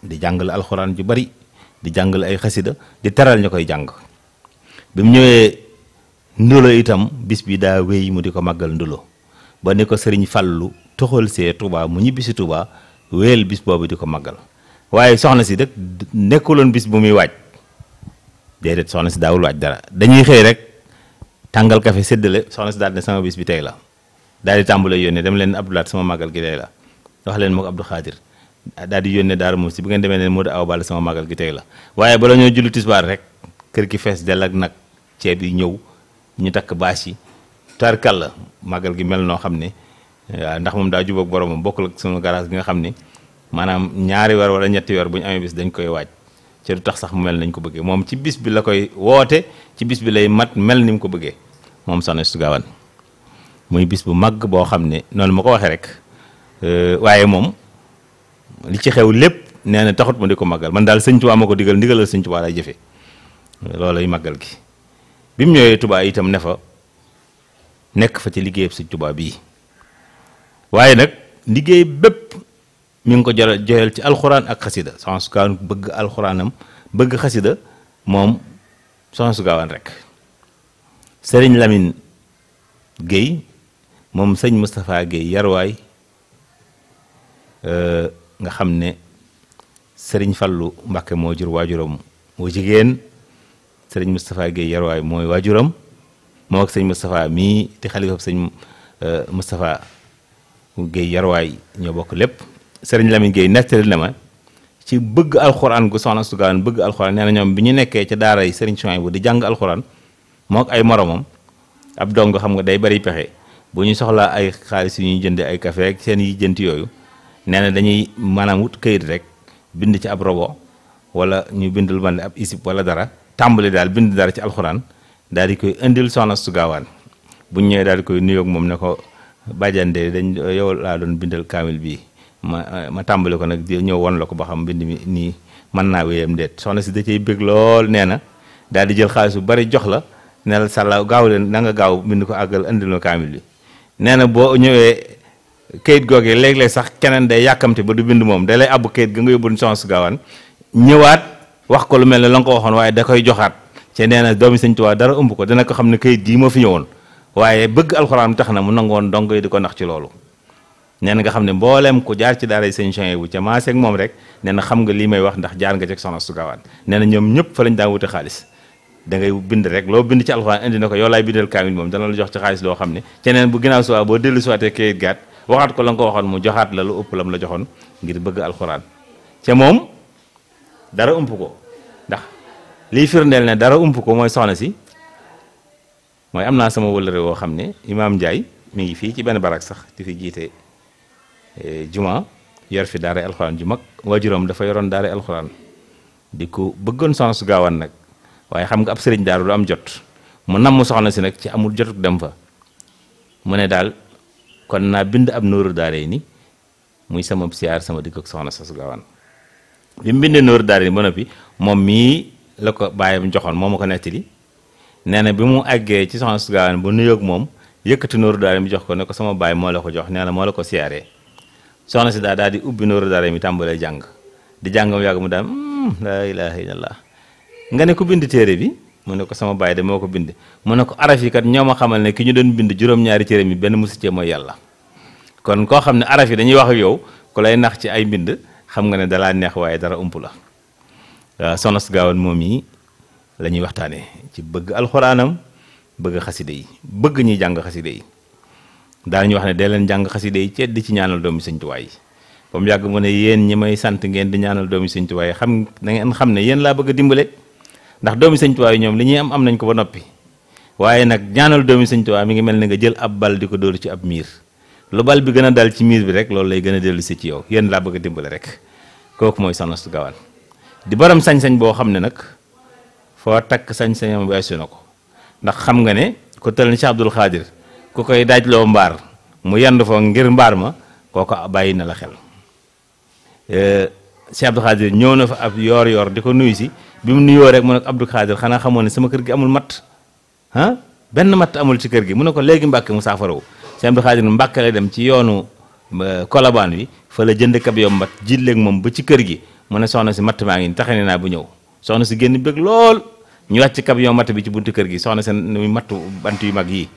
di jàngal alxuraan ju bari di jàngal ay xasida di teral ñu koy jàng bi mu ñëwee ndulo itam bis bi daa wéy mu di ko màggal ndulo ba ni ko sëriñ fàllu toxal see tubaa mu ñibbisi tubaa wéyal bis boobu di ko màggal waye soxna si dekk nekulon bis bu mi wajj dedet soxna si dawul wajj dara dañuy xey rek tangal café seddel soxna si dal ne sama bis bi tay la dal di tambule yone dem len sama magal gi tey la wax len mok Abdou khadir dal di yone dar Musti bu ngeen ne sama magal gi tay la waaye bala ñoo julli tisbar rek kër gi fess del ak nak ci bi ñew ñu tak baasi tarkal magal gi mel no xamne ndax mom daa jubok borom bokul ak sunu garage gi nga xamne maanaam ñaari weer wala ñetti weer bu ñu amee bis dañ koy waaj ci du tax sax mu mel nañ ko bëggee moom ci bis bi la koy woote ci bis bi lay mat mel ni mu ko bëggee moom Soxna Astou Gawane muy bis bu màgg boo xam ne noonu ma ko waxee rek euh, waaye moom li ci xew lépp nee na taxut ma di ko màggal man daal sëñ Tuubaa ma ko digal ndigalal sëñ Tuubaa lay loolu loolay màggal gi bi mu ñëwee tubaa itam ne fa nekk fa ci liggéeyab sëñ Tuubaa bii waaye nag liggéey bépp mi ngi ko jël joyal ci alxuraan ak xasida soxna su gaawaan bëgg alxuraanam bëgg xasida moom soxna su gaawaan rek sëriñ lamin Guèye moom sëñ Moustapha Guèye yarwaay euh, nga xam ne sëriñ Fallou Mbacke moo jur waajuram moo jigéen sëriñ Moustapha Guèye yarwaay mooy waajuram moo ak sëñ Moustapha mii di xalifa sëñ euh, Moustapha Guèye yarwaay ñoo bokk lépp sëriñ Lamine Gueye nettali na ma ci bëgg alxuraan gu soxna Astou Gawane bëgg alxuraan bi ñu nekkee ca daara yi sëriñ Souhaïbou bu di jàng alxuraan ay moromam ab dong xam nga day bari pexe bu ñu soxlaa ay xaalis yu ñuy jënde ay café ak seen yi yooyu nee na dañuy maanaam wut këyit rek bind ci ab wala ñu bindul man ab isib wala dara tàmbali daal bind dara ci alxuraan daal di koy indil soxna Astou Gawane ñëwee daal di koy nuyoog moom ne ko bàjjande dañ yow laa doon bindal kaamil bii ma eh, ma tàmbale ko nak di won la ko ba xam bind mi man na naa wéyam soxna ci da cey bég lool neena dal di jël xaalisu bari jox la ne la gaaw leen na nga gaaw bind ko agal andil no kamil bi bo na boo ñëwee kayit leg léeg sax kenen day yakamti ba du bind mom da lay abbu kayit ga nga yobul chance si gaawaan ñëwaat wax ko lu mel la nga waxon waye da koy joxaat ci neena doomi señ tuwa dara umbu ko dana ko xamne keet di mo fi ñëwoon waye bëgg alcorane tax mu nangoon dong diko nax ci loolu nee nga xam ne mbooleem ko jaar ci daaray sëñ Chouaïb bu ca maaseeg moom rek nee na xam nga lii may wax ndax jaar nga ci soxna su gaawaan nee na ñoom ñëpp fa lañ daan wute xaalis da ngay bind rek loo bind ci alxuraan indi na ko yow laay bindal kaamil moom dana la jox ne ceneen bu ginnaaw suwaa boo dellu suwaatee kayit gaat waxaat ko la nga ko waxoon mu joxaat la lu ëpp joxoon ngir bëgg alxuraan ca moom dara ump ko ndax lii firndeel ne dara ump ko mooy soxna si mooy am naa sama wëllëre woo xam ne imaam Ndiaye mi ngi fii ci benn barak sax di fi jiite Eh, juma yar fi daara alxuraan ju mag waajuram dafa yoroon daara alxuraan di ko bëggoon sans gaawaan nag waaye xam nga ab sëriñ daaru du am jot mu namm soxna si nag ci amul jotuk dem fa mu ne daal kon naa bind ab nooru daara yi ni muy sama siyaar sama dikk ak soxna sas gaawaan bi mu bindee nooru daara ba noppi moom mii la ko bàyyam joxoon moo ma ko nettali nee na bi mu àggee ci soxna sas gaawaan bu nuyoog moom yëkkati nooru daara mu jox ko ne ko sama baay moo la ko jox moo la ko siyaaree soxna si daa daal di ubbi nooru daara mi tàmbalee jàng di jàng mu yàgg mu daal hmm, laa ilaaha illallah nga ne ko bind téere bi mu ne ko sama baay de moo ko bind mu ne ko araf yi kat ñoo ma xamal ne ki ñu doon bind juróom-ñaari téere mi benn musu cee mooy yàlla kon koo xam ne araf yi dañuy wax yow ku lay nax ci ay mbind xam nga ne dalaa neex waaye dara ump la sonas soxna moom yi lañuy ñuy waxtaanee ci bëgg alxuraanam bëgg xaside yi bëgg ñuy jàng xaside yi ñu wax ne dee leen jang xasida ci cedd ci ñaanal doomi sëñ tuwaay ba mu yàgg mu ne ñi may ngeen di ñaanal doomi sëñ tuwaay xam na ngeen xam ne yeen la bëgg dimbalé ndax doomi sëñ tuwaay ñom li ñi am am nañ ko ba nopi waaye nak ñaanal doomi sëñ tuwaay mi ngi melni nga jël ab bal di ko ci ab mir lu bal bi gëna dal ci mir bi rek lool lay gëna a dellu ci yow yeen la bëgg dimbalé rek kok moy soxna su di borom sañ-sañ bo xamne nak fo tak sañ sañ am wessu nako ndax xam nga ne ko tel ni Cheikh Abdoul Khadir ku koy daaj daajloo mbaar mu yend fa ngir mbaar ma kooko bàyyi na la xel euh, Cheikh Abdou Khadir ñëw na fa ab yoor yoor di ko nuyu si bi mu nuyoo rek mu ne ko Abdou xanaa xamoon ne sama kër gi amul matt benn matt amul ci kër gi mu ne ko léegi mbàkke mu saafarawu Cheikh Abdou Khadir mbàkke dem ci yoonu kolabaan euh, wi fa la jënd kab yow matt moom ba ci kër gi mu ne soxna si matt maa ngi taxe ne naa bu ñëw soxna si génn bëgg lool ñu wàcc kab yoo matt bi ci buntu kër gi soxna seen muy mattu bant yu mag yi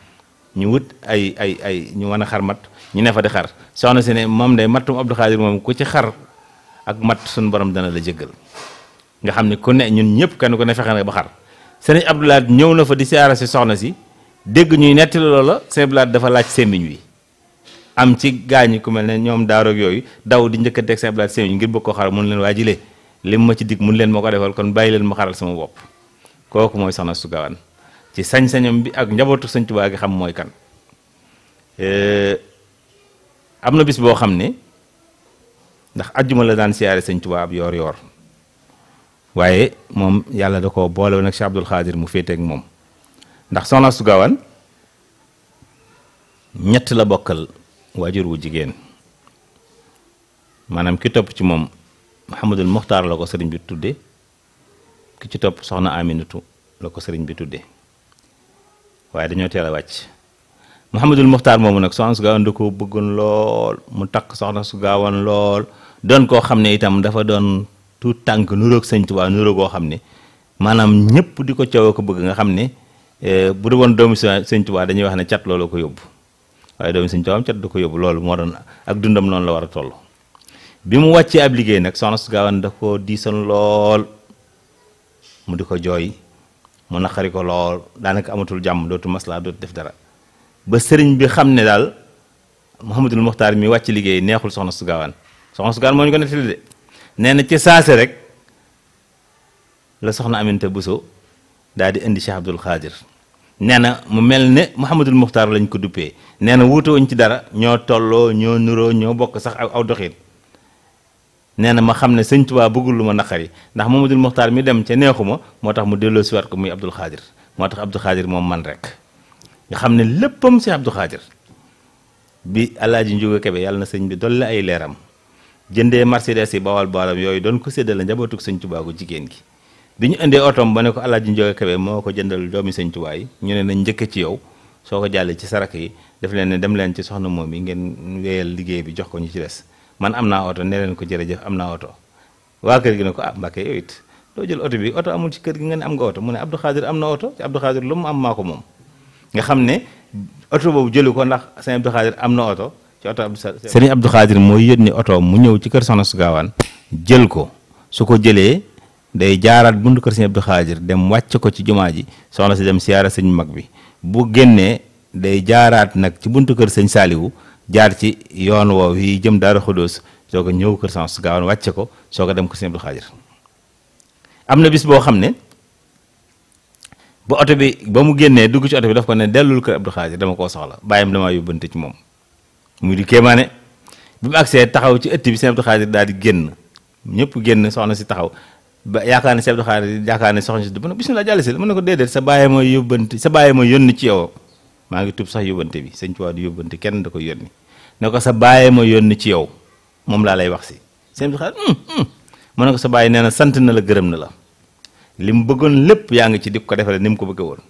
ñu wut ay ay ay ñu mën a xar mat ñu ne fa di xar soxna si ne moom day mattum Abdou Khadir moom ku ci xar ak matt suñu borom dana la jëggal nga xam ne ku ne ñun ñëpp kenn ku ne fexe na ba xar sëriñ Abdou ñëw na fa di siyaara si soxna si dégg ñuy netti loola sëriñ Abdou dafa laaj sémmiñ wi am ci gaañi ku mel ne ñoom daaroog yooyu daw di njëkk a teg sëriñ Abdou Lahad sémmiñ wi ngir bëgg koo xaral mun leen waajilee lim ma ci dig mun leen ma ko defal kon bàyyi leen ma xaral sama bopp kooku mooy soxna su ci sañ-sañam bi ak njabootu sëñ Tuubaa gi xam mooy kan euh, am na bis boo xam ne ndax ajjuma la daan siyaare sañ Tuubaa ab yoor-yoor waaye moom yàlla da ko boole nag Cheikh Abdul Xaadir mu féeteeg moom ndax soxna su ñett la bokkal waajur wu jigéen maanaam ki topp ci moom Mouhamadul Muxtaar la ko sëriñ bi tudde ki ci topp soxna Aminatu la ko sëriñ bi tudde waye dañu téla wacc wàcc muhtar momu nak soxna su gawan da koo bëggoon lool mu tak soxna su gawan lool don ko xamne itam dafa don tout tank nuroog sëñ Tuubaa nuroog koo xam ne maanaam ñëpp di ko coow ko bëgg nga xamne euh bu do won doomu sëñ Tuubaa dañuy wax na chat loolu ko yobbu waye doomu sëñ Tuubaa am cat du ko yóbbu loolu mo don ak dundam non la wara toll bi mu soxna su gawan da koo lool mu diko joy mu naqari ko lool daanaka amatul jàmm dootu maslaa dootu def dara ba sëriñ bi xam ne daal Mouhamadul Muxtaar mi wàcc liggéey neexul soxna su gaawaan soxna su moo ñu ko nettali de nee na ci saase rek la soxna Aminta Bousso daal di indi Cheikh Abdoul Khadir nee na mu mel ne Mouhamadul Muxtaar lañ ko duppee nee na wuute ci dara ñoo tolloo ñoo nuroo ñoo bokk sax aw doxin nee na ma xam ne sëñ Tuubaa bëggul lu ma naqari ndax moom Mamadul Muxtaar mi dem ca neexu ma moo tax mu delloo siwaat ko muy Abdul Xaadir moo tax Abdul Xaadir moom man rek nga xam ne léppam si Abdul Xaadir bi Alaaji Njuuga Kebe yàlla na sëñ bi dolli ay leeram jëndee Mercedes yi bawal bawalam yooyu doon ko séddale njabootug sëñ Tuubaa gu jigéen gi bi ñu indee otoom ba ne ko Alaaji Njuuga Kebe moo ko jëndal doomi sëñ Tuubaa yi ñu ne nañ njëkk ci yow soo ko jàllee ci sarak yi def leen ne dem leen ci soxna moom yi ngeen wéyal liggéey bi jox ko ñu ci des man am naa oto nee leen ko jërëjëf am naa oto waa kër gi ne ko ah Mbàkke yow it jël oto bi oto amul ci kër gi nga ne am nga oto mu ne Abdou Khadir am na oto ci Abdou Khadir lu am maa ko moom nga xam ne oto boobu jëlu ko ndax sëñ Abdou Khadir am na oto ci oto Abdou sëñ Abdou Khadir mooy yónni oto mu ñëw ci kër soxna su gaawaan jël ko su ko jëlee day jaaraat buntu kër sëñ Abdou Khadir dem wàcc ko ci jumaa ji soxna si dem siyaara sëñ mag bi bu génnee day jaaraat nag ci buntu kër sëñ Saaliwu jaar ci yoon woow yi jëm Daaru Xudoos soo ko ñëw kër sans gaawoon wàcce ko soo ko dem ko seen Abdou Xaadir am na bis boo xam ne ba oto bi ba mu génnee dugg ci oto bi daf ko ne dellul kër Abdou Xaadir dama koo soxla bàyyam damaa yóbbante ci moom muy di kéemaane bi mu agsee taxaw ci ëtt bi sëñ Abdou Xaadir daal di génn ñëpp génn soxna si taxaw ba yaakaar ne sëñ Abdou Xaadir yaakaar ne soxna si du mën a bisimilah jàll si mën na ko déedéet sa bàyyi ma yóbbante sa bàyyi ma yónni ci yow maa ngi tub sax yóbbante bi sëñ Tuubaa du yóbbante kenn da koy yónni ne ko sa bàyyi ma yónni ci yow moom laa lay wax si sëñ bi xaar mu ne ko sa bàyyi nee na sant na la gërëm na la li mu bëggoon lépp yaa ngi ci di ko defale ni mu ko bëggee woon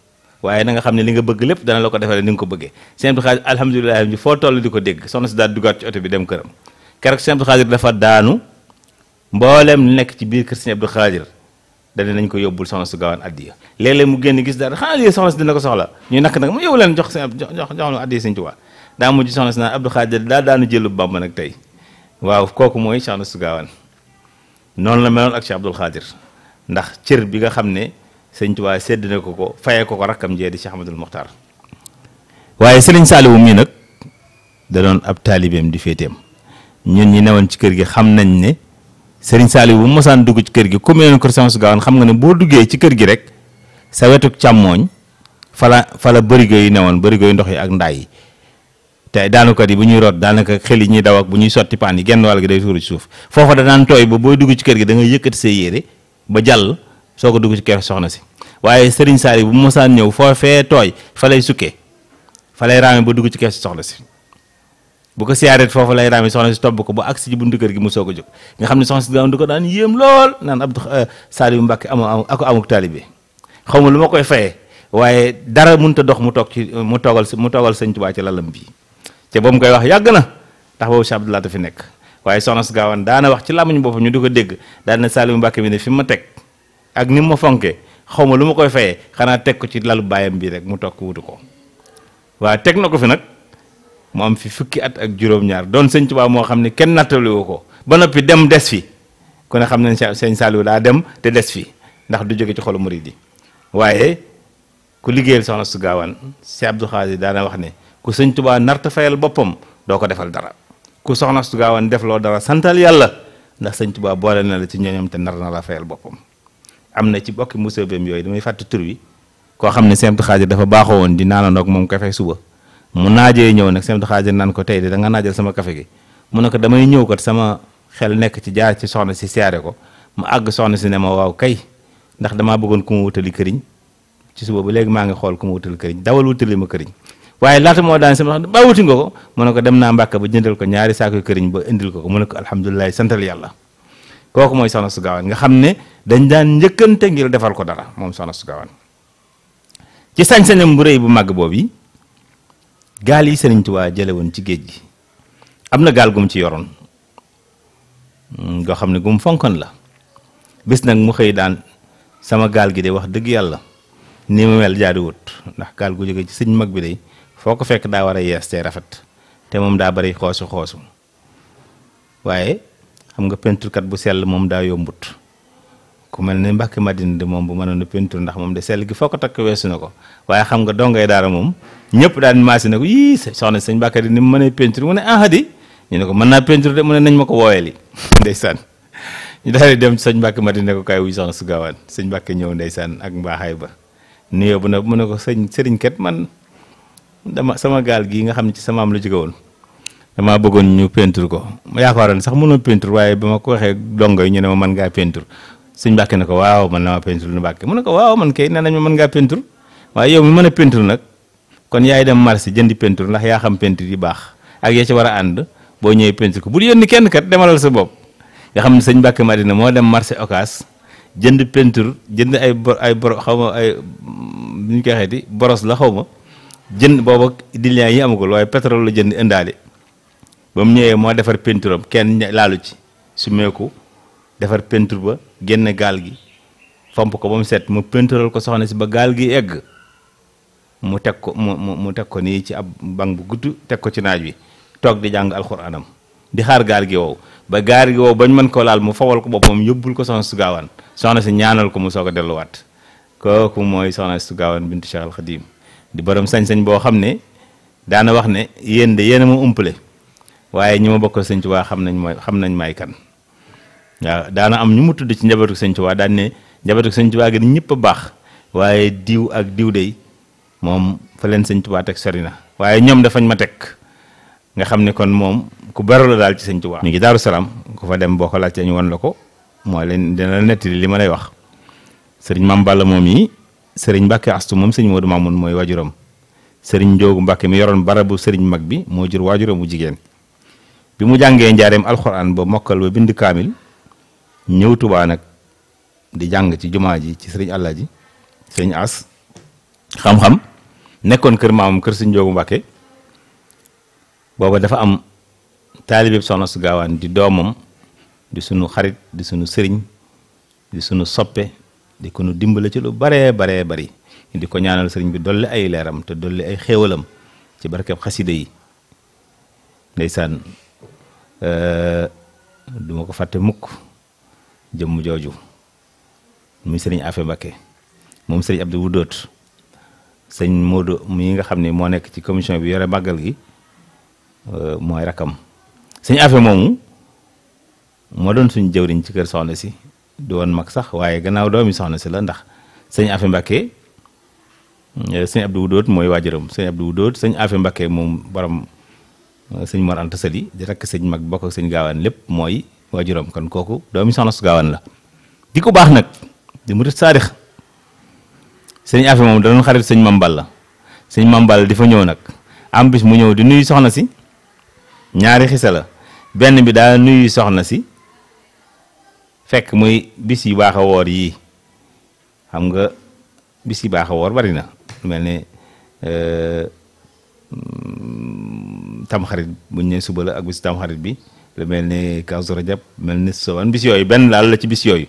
waaye na nga xam ne li nga bëgg lépp dana la ko defale ni nga ko bëggee sëñ bi xaar alhamdulilah foo toll di ko dégg soxna si daal dugaat ci oto bi dem këram keroog sëñ Abdou Xaadir dafa daanu mboolem nekk ci biir kër sëñ dana nañ ko yóbbul soxna su gaawaan addiya léeg-léeg mu génn gis dara xanaa lii soxna si dina ko soxla ñu nakk nag mu yow leen jox seen jox jox jox addiya sëñ Tuubaa daa mujj soxna si naan daa daanu jëlu Bàmba nag tey waaw kooku mooy soxna su gaawaan noonu la meloon ak Cheikh Abdoul Khadir ndax cër bi nga xam ne sëñ Tuubaa sédd na ko ko fayee ko ko rakkam jee di Cheikh Ahmadul Muxtaar waaye sëriñ Saaliwu mii nag da ab taalibeem di féeteem ñun ñi newoon ci kër gi xam nañ ni Serigne Saliou bu mosaan dugg ci kër gi comme yeneen kër semence gaawan xam nga ne boo duggee ci kër gi rek sa wetu càmmooñ fala fala bërigo yi newoon bërigo yu ndox yi ak ndaay yi te daanukat yi bu ñuy root daanaka xel yi ñuy daw ak bu ñuy sotti paan yi genn wàll gi day tuuru suuf foofa da daan tooy ba booy dugg ci kër gi dangay nga yëkkati say yére ba jàll soo ko dugg ci kër soxna si waaye sëriñ Saliou bu mosaan ñëw foofee tooy fa lay sukkee fa lay raame ba dugg ci kër soxna si bu ko siyaareet foofu lay raam yi soxna si topp ko bu agsi ci buntu kër gi mu soog a jóg nga xam ne soxna si du ko daan yéem lool naan Abdou euh, Saliou Mbacke amu ako amuk taalibe xaw ma lu ma koy fayee waaye dara mënut dox mu toog ci mu toogal mu toogal sëñ Tuubaa ci lalam bi te ba mu koy wax yàgg na ndax boobu Cheikh Abdoulaye fi nekk waaye soxna si Gaawaan daana wax ci làmmiñ boppam ñu di ko dégg daan na Saliou Mbacke bi ne fi ma teg ak ni ma fonkee xaw ma lu ma koy fayee xanaa teg ko ci lalu baayam bii rek mu toog wutu ko waaye teg na ko fi nag mu am fi fukki at ak juróom-ñaar doon sëñ Tuubaa moo xam ne kenn nattaliwu ko ba noppi dem des fi ku ne xam ne sëñ Saliou daa dem te des fi ndax du jóge ci xolu murid yi waaye ku liggéeyal soxna su gaawaan si Abdou Xaadir daana wax ne ku sëñ Tuubaa narta fayal boppam doo ko defal dara ku soxna su gaawaan def loo dara santal yàlla ndax sëñ Tuubaa boole na la ci ñooñam te nar na la boppam am na ci bokki beem yooyu damay fàtte tur wi koo xam ne si Abdou Xaadir dafa baaxoo woon di noog moom ka fay suba mu naajee ñëw nag sëñ Abdou Khadir nan ko tey de da nga naajal sama kafe gi mu ne ko damay ñëw ko sama xel nekk ci jaar ci soxna si siyaare ko mu àgg soxna si ne ma waaw kay ndax damaa bëggoon ku ma wutali këriñ ci suba ba léegi maa ngi xool ku ma wutali këriñ dawal wutali ma këriñ waaye laata moo daan sama ba wuti nga ko mu ne ko dem naa Mbàkke ba jëndal ko ñaari saako këriñ ba indil ko ko mu ne ko alhamdulilah santal kooku mooy soxna su nga xam ne dañ daan njëkkante ngir defal ko dara moom soxna su gaawaan ci sañ-sañam bu rëy bu màgg boobu yi gaal yi Sëriñ waa jële woon ci géej gi am na gaal gum ci yoroon mm, goo xam ne gum fonkan la bis nag mu xëy daan sama gaal gi de wax dëgg yàlla ni mu mel jaaduwut ndax gaal gu jóge ci sëñ mag bi de foo ko fekk daa war a yees tey rafet te moom daa bari xoosu xoosu waaye xam nga penturkat bu sell moom daa yombut ku mel ne Mbàkke a peinture ndax moom de sell gi foo ko takk weesu na ko waaye xam ko yii soxna sëñ Mbàkke di ni ah, mën de mu ne nañ ma ko wooyeli ndeysaan ñu daal di dem sëñ Mbàkke Madina ko kaay wuy soxna su gaawaan sëñ Mbàkke ñëw ndeysaan ak mbaaxaay ba nuyoo bu ne mu ne ko sëriñ kat man sama gaal gii nga xam ne ci sama am lu jóge woon damaa bëggoon ñu peinture ko yaakaaroon sax mënoo peinture waaye ba ma ko waxee dongo yi ñu ma mën ngaa peinture sëñ Mbàkke nako waaw man naa pentul lu Mbàkke mu ne waaw man kay nee nañ ma mën ngaa pentul yow iya, mi meuna a nak kon yaay dem marché jëndi pentul ndax ya xam pentul yi bax ak ya ci wara and bo ñëw ñëwee ko bu di yónni kenn kat demalal sa bop nga xam ne sëñ Madina mo dem marché occas jëndi pentur jënd ay bor ay bor xaw ma ay mm, ñu koy xeeti boros la xaw ma jënd bobu diliens yi amagul waaye pétrole la jënd ëndalé bam ñëwé mo défar peinture penturam kenn laalu ci su meeku defar pentur ba génn gaal gi fomp ko ba mu set mu péntural ko soxna si ba gaal gi egg mu teg ko mu mu teg ko nii ci ab bang bu gudd teg ko ci naaj wi toog di jàng alxuraanam di xaar gaal gi wow ba gaal gi wow bañ mën ko laal mu fawal ko boppam yóbbul ko soxna su gaawaan soxna si ñaanal ko mu soog a delluwaat kooku mooy soxna su gaawaan bintu Cheikh Al Khadim di borom sañ-sañ boo xam ne daana wax ne yéen de yéen a ma waaye ñi ma bokkal sëñ Tuubaa xam nañ mooy xam nañ maay ya, daana am ñu mu tudd ci njabatu sëñ Tuubaa ne njabootu sëñ Tuubaa gi ñëpp a waye diu diw ak diw mom mom fa len tek Tuubaa tek sori na ñom dafañ ma tek nga xamne kon mom ku beru la dal ci sëñ Tuubaa mi ngi daru salam ku fa dem boko la ci ñu won lako mo len dina la li ma lay wax sëriñ mam Balla mom yi astu mom sëñ modou mamoun moy wajuram sëriñ Njoogu Mbàkke mi yoron barabu sëriñ mag bi mo jur wajuram bu jigen bi mu jange ndiarem alquran bo mokkal bo bind kamil ñëw tubaa nag di jàng ci jumaa ji ci sëriñ àlla ji sëriñ as xam-xam nekkoon kër maamam kër sëriñ Njoogu Mbàkke booba dafa am taalibe soxna su gaawaan di doomam di sunu xarit di sunu sëriñ di sunu soppe di ko nu dimbale ci lu baree baree bari di ko ñaanal sëriñ bi dolli ay leeram te dolli ay xéewalam ci barkeb xasida yi ndeysaan euh, duma ko fàtte mukk jëmm jooju muy sëriñ Afe Mbakke moom sëriñ Abdou Wudoot sëñ Modou mi nga xam ni moo nekk ci commission bi yore màggal gi euh, mooy rakam sëñ Afe moomu moo doon suñ jëwriñ ci kër soxna si du woon mag sax waaye gannaaw doomi soxna si la ndax sëñ Afe Mbakke euh, sëñ Abdou Wudoot mooy waajuram sëñ Abdou Wudoot sëñ Afe Mbakke moom borom euh, sëñ Mor Anta Sali di rakk sëñ mag bokk sëñ gaawaan lépp mooy. waajuram kon koku, doomi soxna sugawan la di ko nak di murit saadix seni afi mom da non xarit sëñ mambal la sëñ mambal di fa nak, am bis mu ñew di nuyu soxna si ñaari xisa la benn bi daa nuyu soxna si fek muy bis yi baxa wor yi xam nga bis yi baxa wor bari na melni euh mm, tam xarit bu ñu suba la ak bis tam xarit bi le melni ni rajab melni ni sowan bis yoy ben laal la ci bis yoy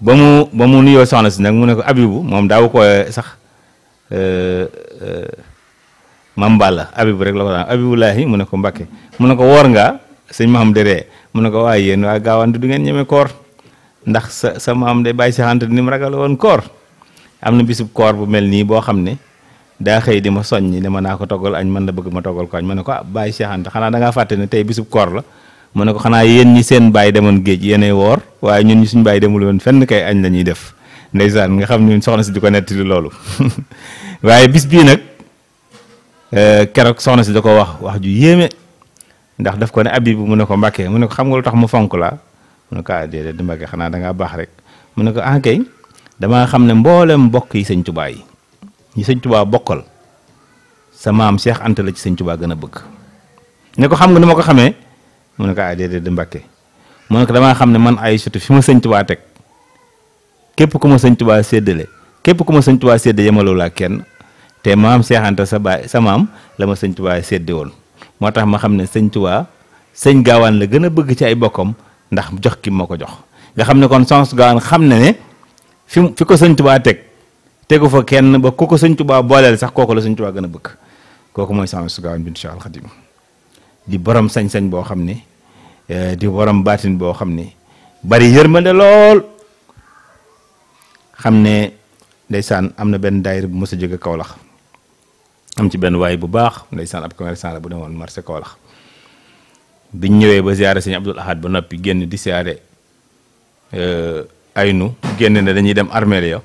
bamu bamu nuyo mu soxna ko abibu mom daaw ko eh, sax eh, eh, mam bala abibu rek la ko dan abibu lahi mu ne ko mbàkke mu ko woor nga seigne maham dere mu ne ko waaye yéen waa du ngeen ñeme koor ndax sa sa maam de bay si ni ragal won koor amna bisub koor bu melni bo boo da xey di ma soñ ni ma naa ko añ man la bëgg ma togal ko añ ko ah bàyyi da nga ne tay bisub koor la mu ne ko xanaa yéen ñi seen bàyyi demoon géej yéenay woor waaye ñun ñi suñu bàyyi demul woon fenn kay añ la ñuy def ndeysaan nga xam ne soxna si di ko nettali loolu waaye bis bii nag euh, keroog soxna si da ko wax wax ju yéeme ndax def ko ne abi bu mu ne ko mbàkkee mu ne ko xam nga lu tax mu fonk laa mu ne ko ah déedéet di mbàkkee xanaa danga baax rek mu ne ko ah damaa xam ne mboolem mbokk yi sëñ tubaa yi ñi sëñ tubaa bokkal sa maam Cheikh Anta la ci sëñ tubaa gën a bëgg ne ko xam nga ni ma ko xamee mu ne ko ah déedéet di Mbàkke mu ne ko damaa xam ne man ay sutu fi ma sëñ Tuubaa teg képp ku ma sëñ Tuubaa séddale képp ku ma sëñ Tuubaa séddale yemaloo laa kenn te maam Seex sa baay sa maam la ma sëñ Tuubaa woon moo tax ma xam ne sëñ sëñ gaawaan la gën a bëgg ci ay bokkam ndax jox ki ma ko jox nga xam ne kon sance gaawaan xam ne ne fi fi ko sëñ Tuubaa teg tegu fa kenn ba ku ko sëñ Tuubaa booleel sax kooku la sëñ Tuubaa gën a bëgg kooku mooy sens gaawaan bi incha allah di borom sañ-sañ bo xam eh, di borom batin bo xam bari yërmande lol xamne ne amna ben na daayir bu musa a jóge kawlax am ci ben way bu baax ndaysan ab commerçant la bu demone marché kawlax bi ñëwé ba ziaré abdul ahad ba nopi genn di euh aynu genn na dañuy dem armée ya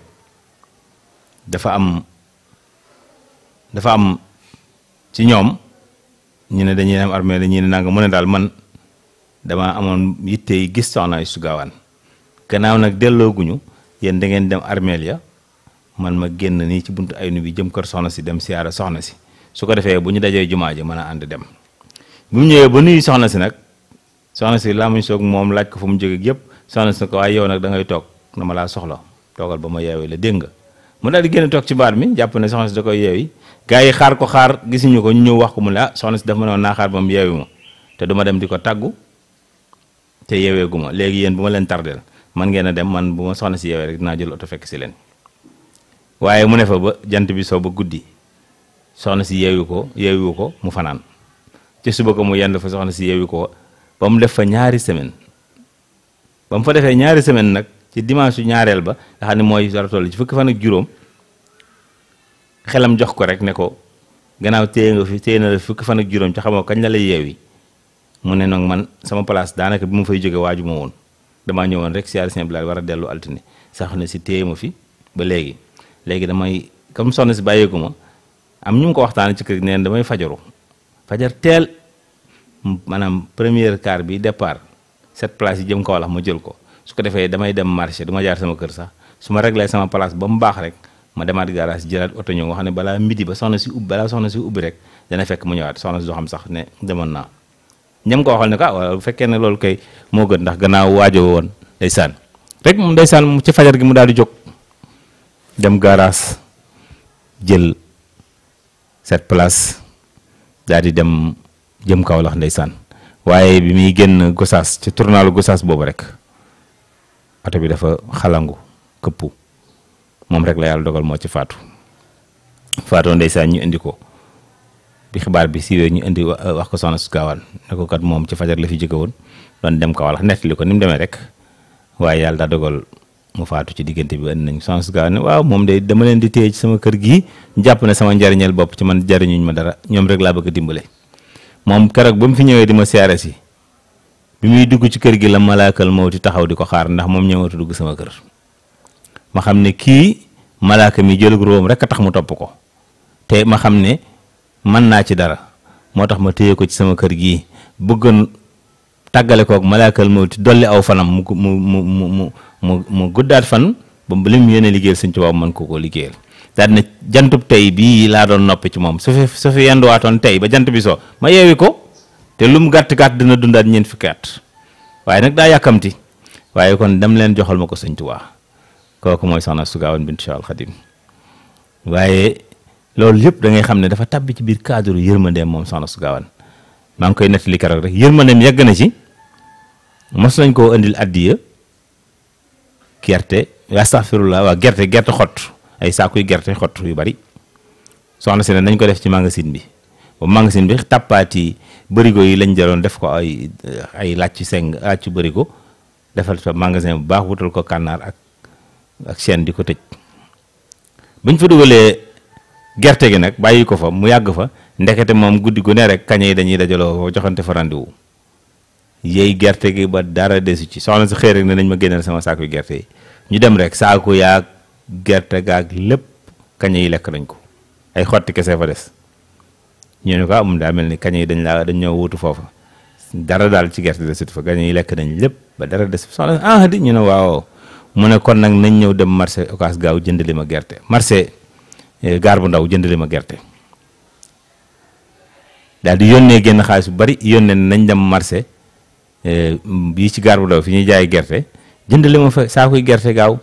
dafa am dafa am ci ñom ñu ne dañuy am armée la ñu ne nanga mu ne daal man dama amoon yitte yi gis soxna su gaawaan gannaaw nag dellooguñu yéen da ngeen dem armée ya man ma génn nii ci buntu ay bi jëm kër soxna si dem siyaara soxna si su ko defee bu ñu dajee jumaa ji mën a ànd dem bu ñëwee ba nuyu soxna si nag soxna si laa muñ soog moom laaj ko fu mu yëpp soxna si ko waaye yow nag da ngay toog na ma laa soxla toogal ba ma yeewee la dégg nga mu daal di génn toog ci baar mi jàpp ne soxna da yi xaar ko xaar gisuñu ko ñu wax ko mu ne ah soxna si dafa mënoon naa xaar ba mu yeewi ma te duma dem di ko tàggu te yeeweegu ma léegi yéen man ngeen a dem man bu soxna si yeewee rek dinaa jël oto fekk si leen waaye mu ne fa ba jant bi ba soxna si yeewi ko yewi ko mu fanan ci suba ko mu yendu fa soxna si yeewi ko ba mu def fa ñaari semaine ba fa defee ñaari semaine ci dimanche ñaarel ba nga xamni moy mooy toll ci fukk fan ak xelam jox ko rek ne ko gannaaw téye nga fi téye na la fukki fan ak ci xamoo kañ la lay yewi mu ne nak man sama place daanaka bi mu fay jóge waju mo won dama ñëwoon rek siyaar saint blaise wara delu dellu sax na ci téye ma fi ba légui léegi damay comme am ñu ko waxtaan ci kër neen damay fajaru fajar tel, manam Premier car bi départ cette place yi jëm ko la mo jël ko su ko defee damay dem marché du jaar sama kër sax su réglé sama place ba mu rek ma demaat garage jëlaat auto ñu bala midi ba soxna si ubbi balaa soxna si ubbi rek dana fekk mu ñëwaat soxna si doo xam sax ne demon na ñam ko waxal ne ko ah, wala bu fekkee ne loolu kay mo gën ndax gëna waajo won ndaysan rek mu ndaysan mu ci fajar gi mu daal di dem garage jël cette place daal di dem jëm kaw lax ndeysaan bi mi genn gossas ci tournalu gossas bobu rek oto bi dafa xalangu kepu mom rek la yalla dogal mo ci fatu fatu ndeysaan ñu indi ko bi xibar bi siwe ñu indi wax ko sonu su ne ko kat mom ci fajar la fi jóge won don dem Kaolack nettali ko ni mu demee rek way yalla da dogal mu fatu ci digënté bi indi nañ soxna su ne waaw mom day dama leen di téye ci sama kër gi japp ne sama njariñal bop ci man jariñuñ ma dara ñom rek la bëgg dimbalé mom kër ak bu mu fi ñëwé di ma si bi muy dugg ci kër gi la malaakal mawti taxaw di ko xaar ndax moom ñëwatu dugg sama kër ma xam ne kii malaaka mi jëlug róom rek tax mu topp ko te ma xam ne man naa ci dara moo tax ma téye ko ci sama kër gii bëggoon tàggale koog malaakal mawti dolli aw fanam mu mu mu mu mu mu guddaat fan ba li mu yéene liggéeyal suñ tubaab man ko koo liggéeyal daal na jantub tey bii laa doon noppi ci moom su fi su fi yenduwaatoon tey ba jant bi soo ma yeewi ko te lu mu gàtt gàtt dina dundaat ñeent fukki at waaye nag daa yàkkamti waaye kon dem leen joxal ma ko sëñ waa kooku mooy soxna su Gaawoon bint Cheikh Al waaye loolu yëpp da ngay xam ne dafa tabbi ci biir cadre yërmandeem moom soxna su Gaawoon maa ngi koy nettali keroog rek yërmandeem yegg na ci mos nañ koo indil addiya gerte astaghfirullah waa gerte gerte xott ay saakuy gerte xott yu bari soxna si ne nañ ko def ci magasin bi ba magasin bi tappaati bërigo yi lañ jaron def ko ay ay lacc seng làcc bërigo defal fa magasin bu baax wutul ko kanar ak ak sen di tej buñ fa dugalee gerte gi nak bayiko ko fa mu yag fa ndekete mom guddi gu ne rek kañe dañuy dajalo joxante fa randiwu yéey gerte gi ba dara desu ci soxna si xéer rek nañ ma gënal sama sakku gerté gerte yi ñu dem rek saako ya gerte gaak lepp kañe yi lek nañ ko ay xotti kese fa dess ñu ne ko amul ah, daa mel ni kañ yi dañ laa dañ ñëw wuutu foofa dara daal ci gerte desut fa gañe yi lekk nañ lépp ba dara des soxla ah di ñu ne waaw mu ne kon nag nañ ñëw dem marché Ocass gaaw jënd li ma gerte marché eh, gaar bu ndaw jënd li ma gerte daal di yónnee génn xaalis bu bari yónnee nañ dem marché yi eh, ci gaar bu ndaw fi ñuy jaay gerte jënd li ma fa saakuy gerte gaaw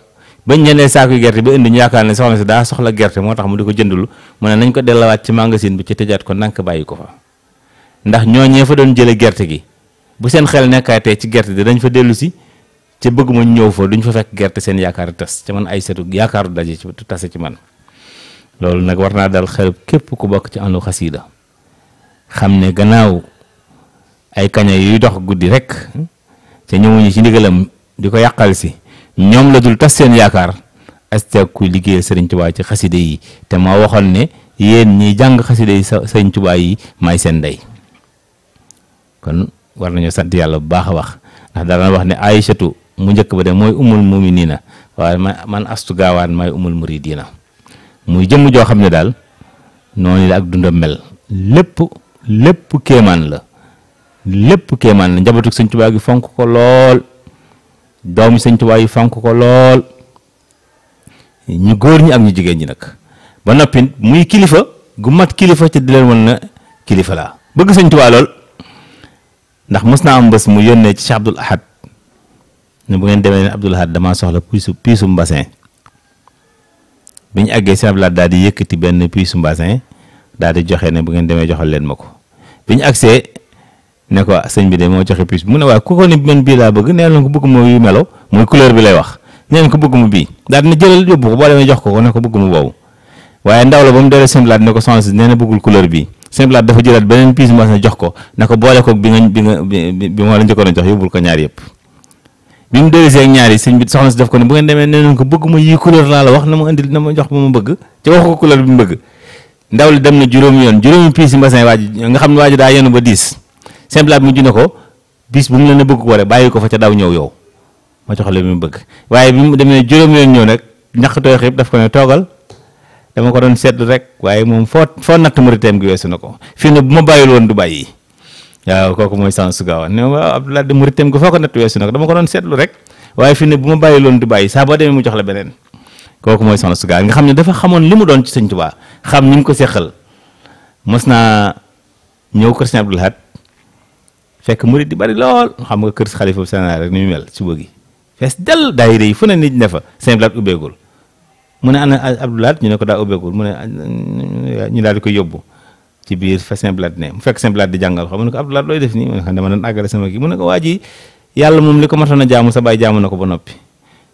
bañ jëndee saaku gerte bi indi ñu yaakaar ne soxna ci da soxla gerte moo tax mu diko jëndul mu ne nañ ko dellawaat ci magazine bi ci tëjaat ko nank bayiko fa ndax ñooñee fa doon jëlé gerte gi bu seen xel nekkaatee ci gerte di dañ fa dellu ci ca bëgg mu ñëw fa duñ fa fekk gerte seen yaakaar tas ci man ay setu yaakaaru dajé ci tase ci man loolu nak warna dal xel képp ku bok ci anu khasida xam gannaaw ay kañay yu dox guddi rek ci ñëw ñëwuñu ci ndigalam diko yakal si ñoom la dul tas seen yaakaar asteeg kuy liggéeyal sëriñ Tuubaa ci xaside yi te moo waxoon ne yéen ñiy jàng xaside yi sa sëriñ Tuubaa yi may seen ndey kon war nañoo sant yàlla bu baax a wax ndax dara wax ne Aysatu mu njëkk ba de mooy umul na waaye man man astu gaawaan may umul muridina muy jëmm joo xam ne daal noonu la ak dundam mel lépp lépp kéemaan la lépp kéemaan la njabootu sëriñ Tuubaa gi fonk ko lool. doomi sëñ Tuubaa yi fonk ko lool ñu góor ñi ak ñu jigéen ñi nag ba noppi muy kilifa gu mat kilifa ci di leen wan na kilifa laa bëgg sëñ Tuubaa lool ndax mës naa am mbës mu yónnee ci Cheikh Abdoul Ahad ne bu ngeen demee ne Abdoul Ahad damaa soxla piisu piisu mbasin bi ñu àggee Cheikh Abdoul Ahad daal di yëkkati benn piisu mbasin daal di joxe ne bu ngeen demee joxal leen ma ko bi ñu agsee ne ko ah, sëñ bi de moo joxe puce mu ne waaye ku ko ne man bii laa bëgg nee na ko bëgg mu yu melo mooy bi lay wax neen ko bëgg mu bii daal jëlal yóbbu ko boo demee jox ko ko ko bëgg mu boobu waaye ndaw la ba mu delloo simplaat ne ko sens nee na bëggul couleur bii simplaat dafa jëlaat beneen puce mu ne ko boole ko bi nga bi nga bi a jox yóbbul ko ñaar yëpp bi mu dellusee ak ñaar sëñ bi soxna def ko ne bu ngeen demee nee nañ ko bëgg ma yii couleur laa la wax na ma indi na ma jox ba ma bëgg ci wax ko couleur bi mu bëgg ndaw li dem na juróom yoon juróomi piis yi mbasin waa ji nga xam ne waa ji daa yenu ba diis simple at mujj na ko bis bu mu leen bëgg ko waree bàyyi ko fa ca daw ñëw yow ma jox la mu bëgg waaye bi mu demee juróom yoon ñëw nag ñaq tooy xib daf ko ne toogal dama ko doon seetlu rek waaye moom foo foo natt muriteem gi weesu na ko fii ne bu ma bàyyil woon du bàyyi waaw kooku mooy sans gaawa ne waaw ah, Abdoulaye de muriteem gi foo ko natt weesu na ko dama ko doon seetlu rek waaye fii ne bu ma bàyyil woon du bàyyi saa demee mu jox la beneen kooku mooy sans gaawa nga xam ne dafa xamoon li mu doon ci sëñ Tuubaa xam ni mu ko seqal mos naa ñëw kër sëñ Abdul Ahad fekk murid di bari lool xam nga kër xalifa sénégal rek ni mu mel suba gi fees del daayira yi fu ne nit ne fa saint blat ubbeegul mu ne ana abdoulaat ñu ne ko daa ubbeegul mu ne ñu daal di ko yóbbu ci biir fa saint blat ne mu fekk saint blat di jàngal xam mu ne ko abdoulaat looy def nii mu ne ko dama àggale sama gi mu ne ko waa ji yàlla moom li ko matoon a jaamu sa bàyyi jaamu na ko ba noppi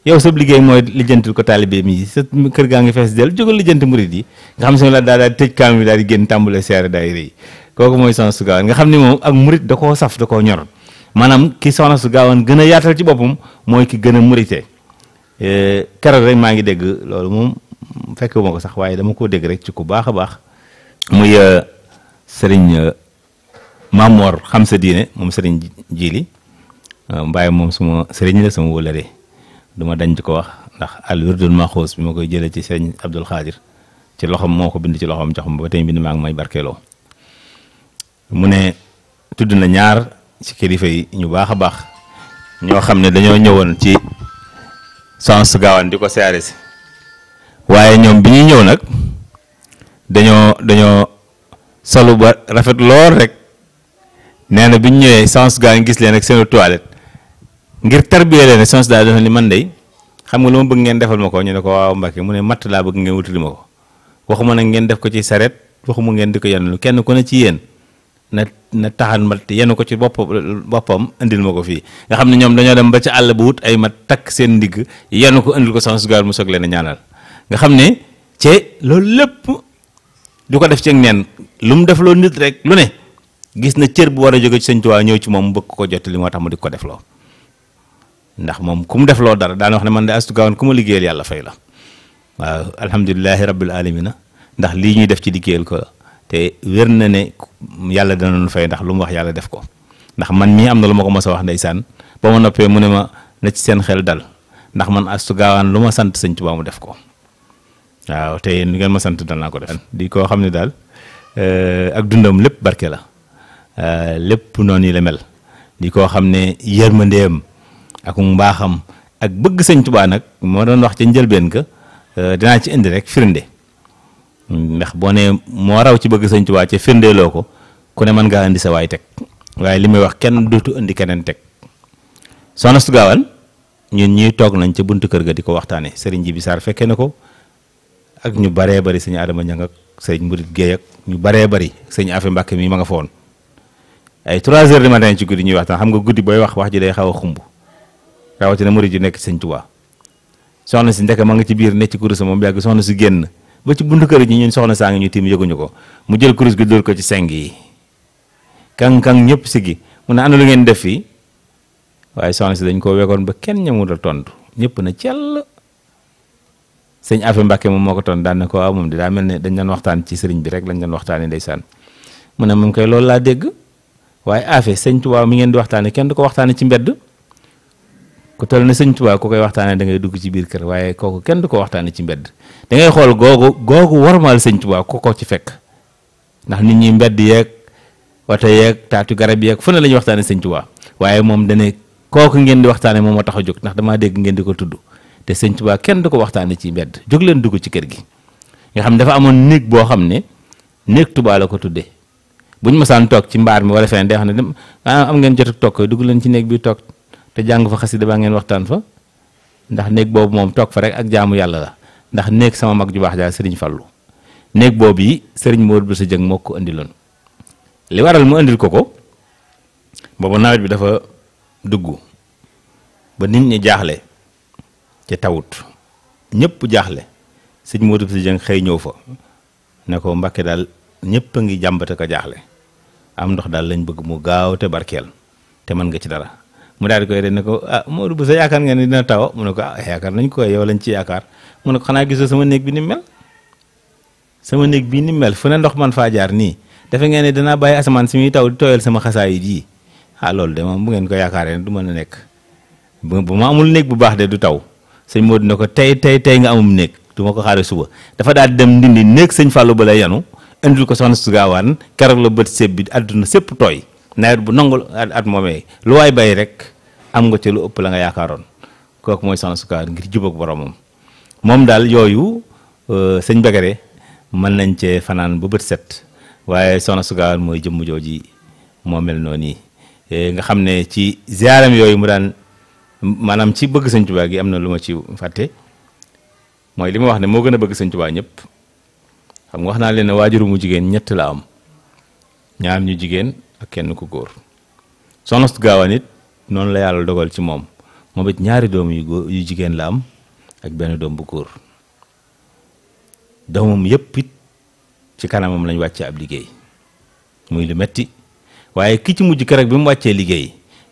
yow sab liggéey mooy lijjantil ko talibé mi sa kër gaa ngi fees del jógal lijjanti murid yi nga xam saint blat daa daal tëj kaam yi daal di génn tàmbale seere daayira yi kooku mooy soxna su gaawaan nga xam ni moom ak murit da koo saf da koo ñor maanaam ki soxna su gaawaan gën a yaatal ci boppam mooy ki gën a murite eh, keroog rek maa ngi dégg loolu moom fekk ma ko sax waaye dama koo dégg rek ci ku baax a baax muy eh, sëriñ eh, Mamor xam sa diine moom sëriñ Jili Mbaye moom suma sëriñ la sama wóllare du ma dañ ci ko wax ndax al wirdul maxuus bi ma koy jëlee ci sëriñ Abdul Xaadir ci loxom moo ko bind ci loxom jox ma ba tey bind maa ngi may barkeeloo mune tudd na ñaar ci kilifa yi ñu baaxa a baax ñoo xam dañoo ñëwoon ci sans gawan diko ko siyaare si waaye bi ñuy ñëw nak dañoo dañoo salu ba rafet lool rek neena na bi ñu sans gaawan gis leen ak seenu toilette ngir tarbiyé leen sans daal dafa ni man day xam nga lu bëgg ngeen defal mako ñu ne ko waaw mbacké mu ne matt bëgg ngeen wutul mako waxuma nak ngeen def ko ci saret waxuma ngeen diko yannu kenn ku ne ci yeen na na taxan mat yenu ko ci bop bopam andil mako fi nga xamni ñom dañu dem ba ci àll buut ay mat tak seen ndigg yenu ko andil ko sans gaal mu soog leen ñaanal nga xamni ci lool lepp du ko def ci neen lu mu def lo nit rek lu ne gis na cër bu wara joge ci sëñ tuwaa ñew ci mom bëkk ko jot li moo tax mu di ko def lo ndax mom ku mu def lo dara na wax ne man de astu gaawoon ku ma liggéeyal fay la waaw alhamdullilah rabbil alamin ndax li ñuy def ci liggéeyal ko te wér na ne yàlla danañ fay ndax lu mu wax yàlla def ko ndax man mii am na lu ma ko mos a wax ndey saan ba ma noppee mu ne ma na ci seen xel dal ndax man astu gaawaan lu ma sant sëñ Tuubaa mu def ko waaw te yéen ngeen ma sant dal naa ko def di koo xam ne daal euh, ak dundam lépp barke la euh, lépp noonu yi la di koo xam ne yërmandeem ak mbaaxam ak bëgg sëñ Tuubaa nag moo doon wax ca njëlbeen ka euh, danaa ci indi rek firnde ndax boo ne moo raw ci bëgg sëñ Tuubaa ca firndeeloo ko ku ne mën ngaa indi sa waay teg waaye li muy wax kenn dootu indi keneen teg soxna su gaawaan ñun ñuy toog nañ ca buntu kër ga di ko waxtaanee sëriñ Jibi saar fekkee na ko ak ñu bare bari sëñ Adama Niang ak sëñ Murit Guèye ñu baree bari sëñ Afe Mbàkke mi ma nga foon ay 3 heures du matin ci guddi ñuy waxtaan xam nga guddi booy wax wax ji day xaw a xumb rawatina murit ji nekk ci sëñ Tuubaa soxna si ndeke ma nga ci biir nekk ci kurus moom yàgg soxna si génn ba ci buntu kër gi ñun soxna saa ngi ñu tiim yëguñu ko mu jël kurus gi dóor ci yi kang-kang ñep sigi mu na anu lu ngeen def fi waye soxna ci dañ ko wékon ba kenn ñamu a tontu ñep na cell sëñ afe mbàkke mom moko ko ton daan ko waaw di da melni ne dañ lan waxtaan ci sëriñ bi rek lañ doon waxtaane ndeysaan mu ne moom koy loolu la dégg waye afe sëñ tuba mi ngeen di waxtaane kenn du ko waxtaane ci mbedd ko toll ne sëñ tuba ko koy waxtaane da ngay dugg ci biir kër waye koku kenn du ko waxtaane ci mbedd da ngay xol gogo gogo warmal sëñ tuba ko ko ci fekk ndax nit ñi mbedd yeeg oto yeeg taatu garab yeeg fu la ñuy waxtaane sëñ Tuubaa waaye moom dane kooku ngeen di waxtaane moom moo tax a jóg ndax damaa dégg ngeen ko tudd te sëñ kenn du ko waxtaane ci mbedd jóg leen dugg ci kër gi nga xam ne dafa amoon néeg boo xam ne néeg Tuubaa la ko tuddee buñ masaan toog ci mbaar mi wala feneen day xam ne dem ah, am ngeen jot toog dugg leen ci néeg bi toog te jàng fa xasida ba ngeen waxtaan fa ndax néeg boobu moom toog fa rek ak jaamu yàlla la ndax néeg sama mag ju baax daal sëriñ Fallu néeg boobu yi sëriñ Modou sa Dieng moo ko indiloon li waral mu indil ko ko booba nawet bi dafa dugg ba nit ñi jaaxle ci tawut ñëpp jaaxle sëñ Modou Sy Dieng xëy ñëw fa ne ko Mbàkke daal ñëpp a ngi jàmbate ko jaaxle am ndox daal lañ bëgg mu gaaw te barkeel te mën nga ci dara mu daal di koy rek ne ko ah Modou bu sa yaakaar nga ne dina taw mu ne ko ah yaakaar nañ ko yow lañ ci yaakaar mu ne ko xanaa gisoo sama néeg bi ni mel sama néeg bii ni mel fu ne ndox man faa jaar nii defe ngeen ne danaa bàyyi asamaan taw di sama xasaayit ji ha lol de mom bu ngeen ko yakare du meuna nek bu ma amul nek bu bax de du taw seigne modou nako ko tay tay nga amum nek duma ko xare suba dafa da dem ndindi nek seigne Fallou ba yanu andul ko sonu sugawan gaawaan keroog la bët séb bi aduna sepp toy nayr bu nangul at momé lu way bay rek am nga ci lu upp la nga yakaron kok moy sonu sugawan ngir jub ak mom dal yoyu euh seigne man nañ ci fanaan bu beut set waaye soxna su gaawaan mooy jëmm jooji moo mel noonu yi eh, nga xam ne ci ziaram yooyu mu daan maanaam ci bëgg sëñ Tuubaa gi am na lu ma ci fàtte mooy li ma wax ne moo gën a bëgg sëñ Tuubaa ñëpp xam nga wax naa leen ne waajuru mu jigéen ñett la am ñaar ñu jigéen ak kenn ku góor soxna su gaawaan it noonu la yàlla dogal ci moom moom it ñaari doom yu góor yu jigéen la am ak benn doom bu góor doomam yëpp it ci kanamam lañ wàccee ab liggéey muy lu metti waaye ki ci mujj rek bi mu wàccee liggéey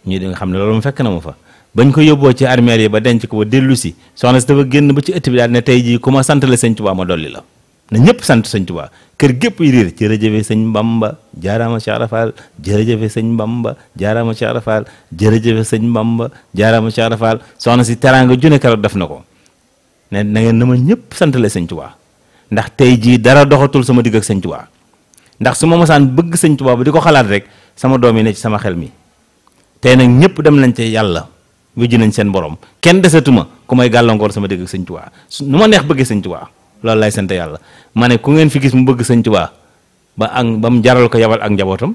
ñu di nga xam ne loolu mu fekk na mu fa bañ ko yóbboo ci armeel yi ba denc ko ba dellu si soxna si dafa génn ba ci ëtt bi daal ne tey jii ku ma sant la sëñ Tuubaa ma dolli la na ñëpp sant sëñ Tuubaa kër gépp yi riir jërëjëfe sëñ Bamba jaaraama Cheikh Rafal jërëjëfe sëñ Bamba jaaraama Cheikh Rafal jërëjëfe sëñ Bamba jaaraama Cheikh Rafal soxna si teraanga june keroog def na ko la sëñ Tuubaa ndax tay ji dara doxatul sama digg ak seigne touba ndax suma mosan bëgg seigne touba ba diko xalaat rek sama doomi ne ci sama xel mi tay nak ñepp dem nañ ca yàlla wéji nañ seen borom kenn desatuma ku may galangor sama digg ak seigne touba numa neex bëgg seigne touba lool lay sante yalla mané ku ngeen fi gis mu bëgg seigne touba ba ak ba jaral ko yabal ak njabotam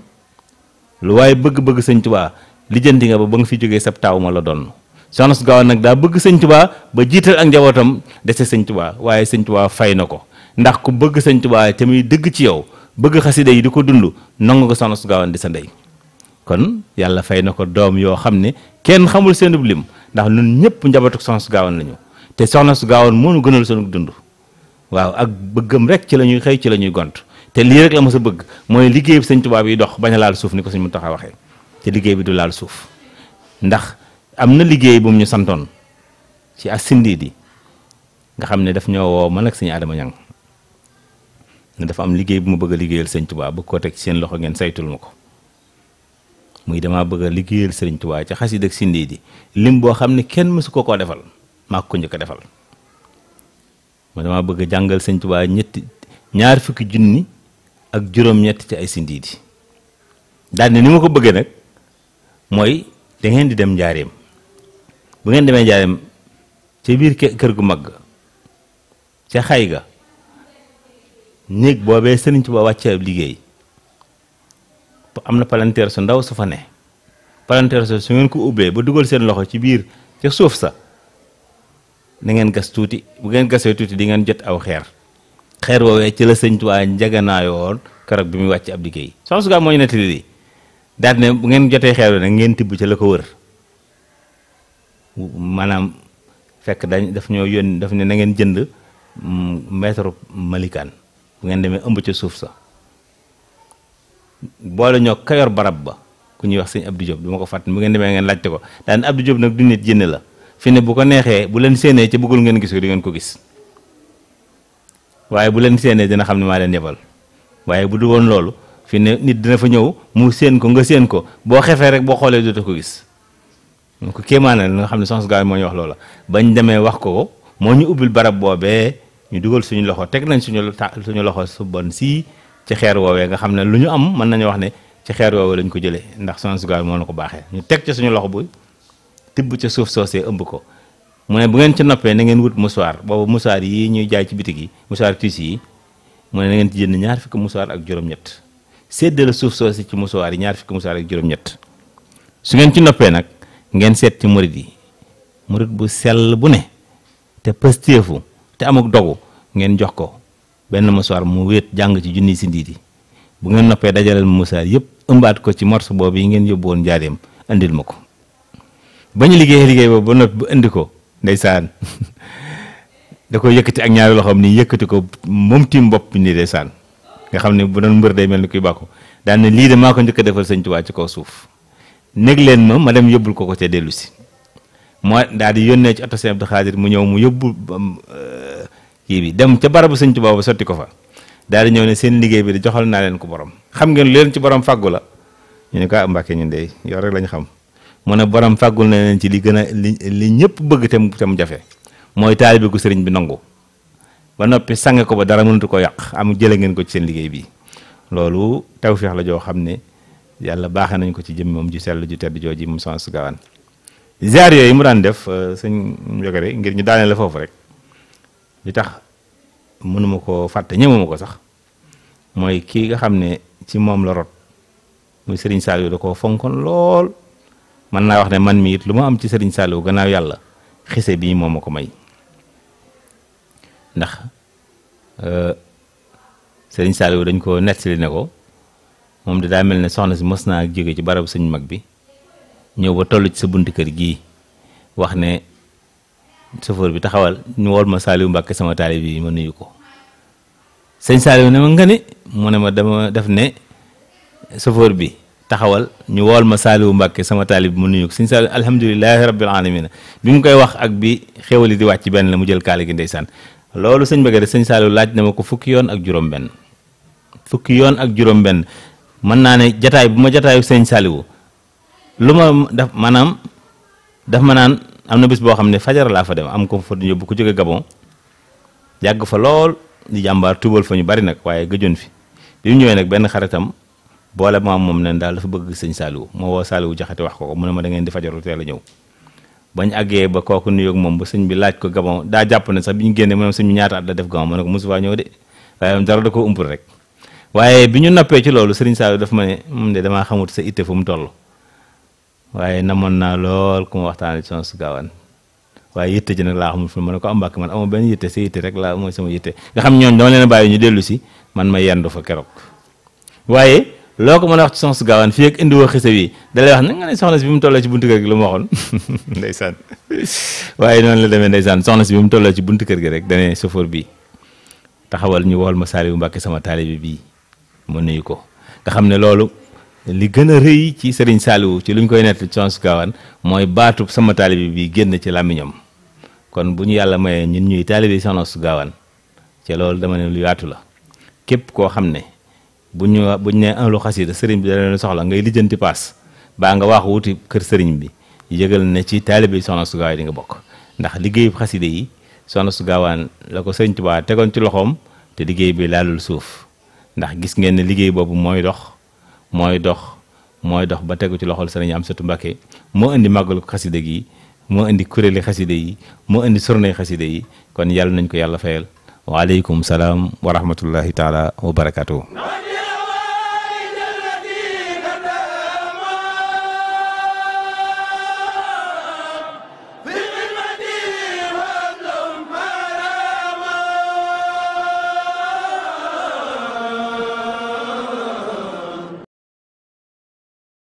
lu way bëgg-bëgg seigne touba lijeenti nga ba bang fi joge sab taaw ma la don sonos su gaaw nag daa bëgg seigne touba ba jiital ak njabotam dessé seigne touba waye seigne touba fay nako ndax ku bëgg sëñ Tuubaa te muy dëgg ci yow bëgg xasida yi di ko dund nangu ko soxna su gaawan di sa ndey kon yàlla fay na ko doom yoo xam ne kenn xamul seenub lim ndax nun ñëpp njabootu soxna su gaawan lañu te soxna su gaawan moo nu gënal sunu dund waaw ak bëggam rek ci la ñuy xëy ci la ñuy gont te lii rek la mos a bëgg mooy liggéey bi sañ tubaab yi dox bañ laal suuf ni ko sëñ Muntaxa waxee te liggéey bi du laal suuf ndax am na liggéey bu ñu santoon ci as sindi di nga xam ne daf ñoo man ak sëñ Adama ne dafa am liggéey bu ma bëgg a liggéeyal sëñ tubaa bëgg ko teg seen loxo ngeen saytul ma ko muy dama bëgg a liggéeyal sëriñ tubaa ci xasid ak sindi di lim boo xam ne kenn mësu ko koo defal maa ko njëkk a defal ma dama bëgg a jàngal sëñ tubaa ñetti ñaar fukki junni ak juróom-ñett ci ay sindi di daal ne ni ma ko bëggee nag mooy da ngeen di dem njaareem bu ngeen demee njaareem ca biir kër gu mag ca xay Nik boobee serigne touba wàcce ab liggéey Amna na palanteer su ndaw su fa ne palanteer su su ngeen ko ubbee ba duggal sen loxo ci bir ci suuf sa na ngeen gas touti bu ngeen gasee touti di ngeen jot aw xeer xeer wowe ci la touba njagana njaganaayoon karak bi mi wàcc ab liggéey soxna su gaa moo ñu nettali lii ne bu ngeen jotee xeer nag ngeen tibbu ci la ko wër manam fekk dañ daf ñoo yoon daf ne na ngeen jënd maître bu ngeen demee ëmb ca suuf sa boole ñoo kayor barab ba ku ñuy wax sëñ Abdou Diop duma ko fàttali bu ngeen demee ngeen laajte ko daan Abdou Diop nag du nit jënne la fi ne bu ko neexee bu leen séenee ca bëggul ngeen gis ko di ngeen ko gis waaye bu leen séenee dina xam ne maa leen yebal waaye bu du woon loolu fi ne nit dina fa ñëw mu séen ko nga séen ko boo xefee rek boo xoolee dootoo ko gis ko kéemaane nga xam ne soxna gaa ñu wax loola bañ demee wax ko ko ñu ubbil barab boobee ñu duggal suñu loxo tek nañ suñu suñu loxo su bon si ci xéer woowee nga xam luñu am mën nañ wax ne ci xéer woowee lañ ko jëlé ndax sans Su mo moo na ko baaxee ñu tek ci suñu loxo bu tibb ci suuf soosee ëmb ko mu ne bu ngeen ci noppé na ngeen wut musuwaar boobu musuar yi ñu jaay ci bitigi musuar tisi mu ne na ngeen ci jënd ñaar musuar ak juroom ñett séddale suuf soosee ci musuar yi ñaar fukki musuar ak juroom ñett su ngeen ci noppé nak ngeen sét ci mourid yi mourid bu sel bu ne té pësteefu te amuk dogu ngeen jox ko benn mouchoir mu wéet jàng ci junniy si ndiit yi bu ngeen noppee dajaleel mu mouchoir yëpp ëmbaat ko ci morso boobu yi ngeen yóbbu woon njaareem indil ma ko ba ñu liggéey liggéey boobu ba noppi ba indi ko ndeysaan da koy yëkkati ak ñaari loxoom ni yëkkati ko moom tiim bopp bi nii ndeysaan nga xam ne bu doon mbër day mel ni kuy bàkku daan lii de maa ko njëkk a defal sëñ waa ci kaw suuf néeg leen ma ma dem yóbbul ko ko te dellu si moo daal di yónnee ci oto sëñ Abdou Khadir mu ñëw mu yóbbu euh, kii bi dem ca barabu sëñ Tuubaa ba sotti ko fa daal di ñëw ne seen liggéey bi di joxal naa leen ko borom xam ngeen lu leen ci borom fàggu la ñu ne ko ah ñu ñun de yow rek lañu xam mu ne borom fàggul na leen ci li gën a li li ñëpp bëgg te mu te mu jafe mooy taalibe gu sëriñ bi nangu ba noppi sange ko ba dara mënatu ko yàq am jële ngeen ko ci seen liggéey bi loolu tawfeex la joo xam ne yàlla baaxe nañ ko ci jëm moom ju sell ju tedd jooji moom sans gawaan ziar yooyu mu daan def euh, sëñ Njogare ngir ñu daaneel foofu rek li tax mënuma ko fàtte ñëmuma ko sax mooy kii nga xam ne ci moom la rot muy Serigne Saliou da koo fonkoon lool mën naa wax ne man mi it lu ma am ci Serigne Saliou gannaaw yàlla xise bii moom ma ko may ndax euh, Serigne Saliou dañ koo nettali ne ko moom de daa mel ne soxna si mës naa jóge ci barabu sëñ mag bi ñew ba tollu ci sa buntu kër gi wax ne chauffeur bi taxawal ñu wol ma saliw Mbacke sama taalib bi ma nuyu ko señ saliw ne ma nga ne mo ne ma dama def ne chauffeur bi taxawal ñu wol ma saliw Mbacke sama taalib mu nuyu ko rabbil Alamin. bi mu koy wax ak bi xewali di wacc ben la mu jël kala gi ndeysaan lolu señ Mbacke señ saliw laaj na ma ko fukki yoon ak juroom ben fukki yoon ak juroom ben man naa ne jataay bu ma jataayu señ saliw lu ma daf maanaam daf ma naan am na bis boo xam ne fajar laa fa dem am ko fa yóbbu ko jóge Gabon yàgg fa lool di jàmbaar tuubal fa ñu bari nag waaye gëjoon fi bi mu ñëwee nag benn xaritam boole maam moom nen daal dafa bëgg sëñ Saliou moo woo Saliou jaxate wax ko ko mu ne ma da ngeen di fajaru teel a ñëw bañ àggee ba kooku nuyoog moom ba sëñ bi laaj ko Gabon daa jàpp na sax bi ñu génnee mu ne sëñ bi ñaata at la def Gabon ma ne ko mosu faa ñëw de waaye dara da ko umpul rek waaye bi ñu noppee ci loolu sëriñ Saliou dafa ma ne moom de damaa xamut sa itte fu mu toll waaye namoon naa lool ku waxtaan waxtaanee ci Soxna su Gaawaan waaye yitte ji nag laa xamul fu mu ne ko am ah, mbàkk man amul benn yitte sa yitte rek laa mooy sama yitte nga xam ñooñ dama leen ñu dellu si man ma yendu fa keroog waaye loo ko mën a wax ci Soxna su Gaawaan fii ak indi woo xisa da lay wax na si mu tolloo ci buntu kër gi lu ma waxoon waaye noonu la demee ndeysaan soxna si bi mu ci buntu kër gi rek dane sofoor bi taxawal ñu wool ma saali bu mbàkke sama taalibe bii mu nuyu ko nga xam ne loolu li gën a rëy ci Serigne Saliou ci luñ koy nett ci Soxna su mooy baatub sama taalibe bii génn ci làmmiñam kon bu ñu yàlla mayee ñun ñuy taalibe Soxna su Gawane ci loolu dama ne lu yaatu la képp koo xam ne bu ñu bu ñu nee ahlu xasida sëriñ bi soxla ngay lijjanti paas baa nga waaxu wuti kër sëriñ bi yëgal ne ci taalibe Soxna su Gawane di nga bokk ndax liggéeyu xasida yi Soxna su Gawane la ko Sëriñ Tuubaa tegoon ci loxoom te liggéey bi laalul suuf ndax gis ngeen ne liggéey boobu mooy dox mooy dox mooy dox ba tegu ci loxol am Amsatu Mbàkke moo indi màggalu xaside gi moo indi kuréeli xaside yi moo indi sornay xaside yi kon yàlla nañ ko yàlla fayal waaleykum salaam wa rahmatullahi taala wa barakaatu.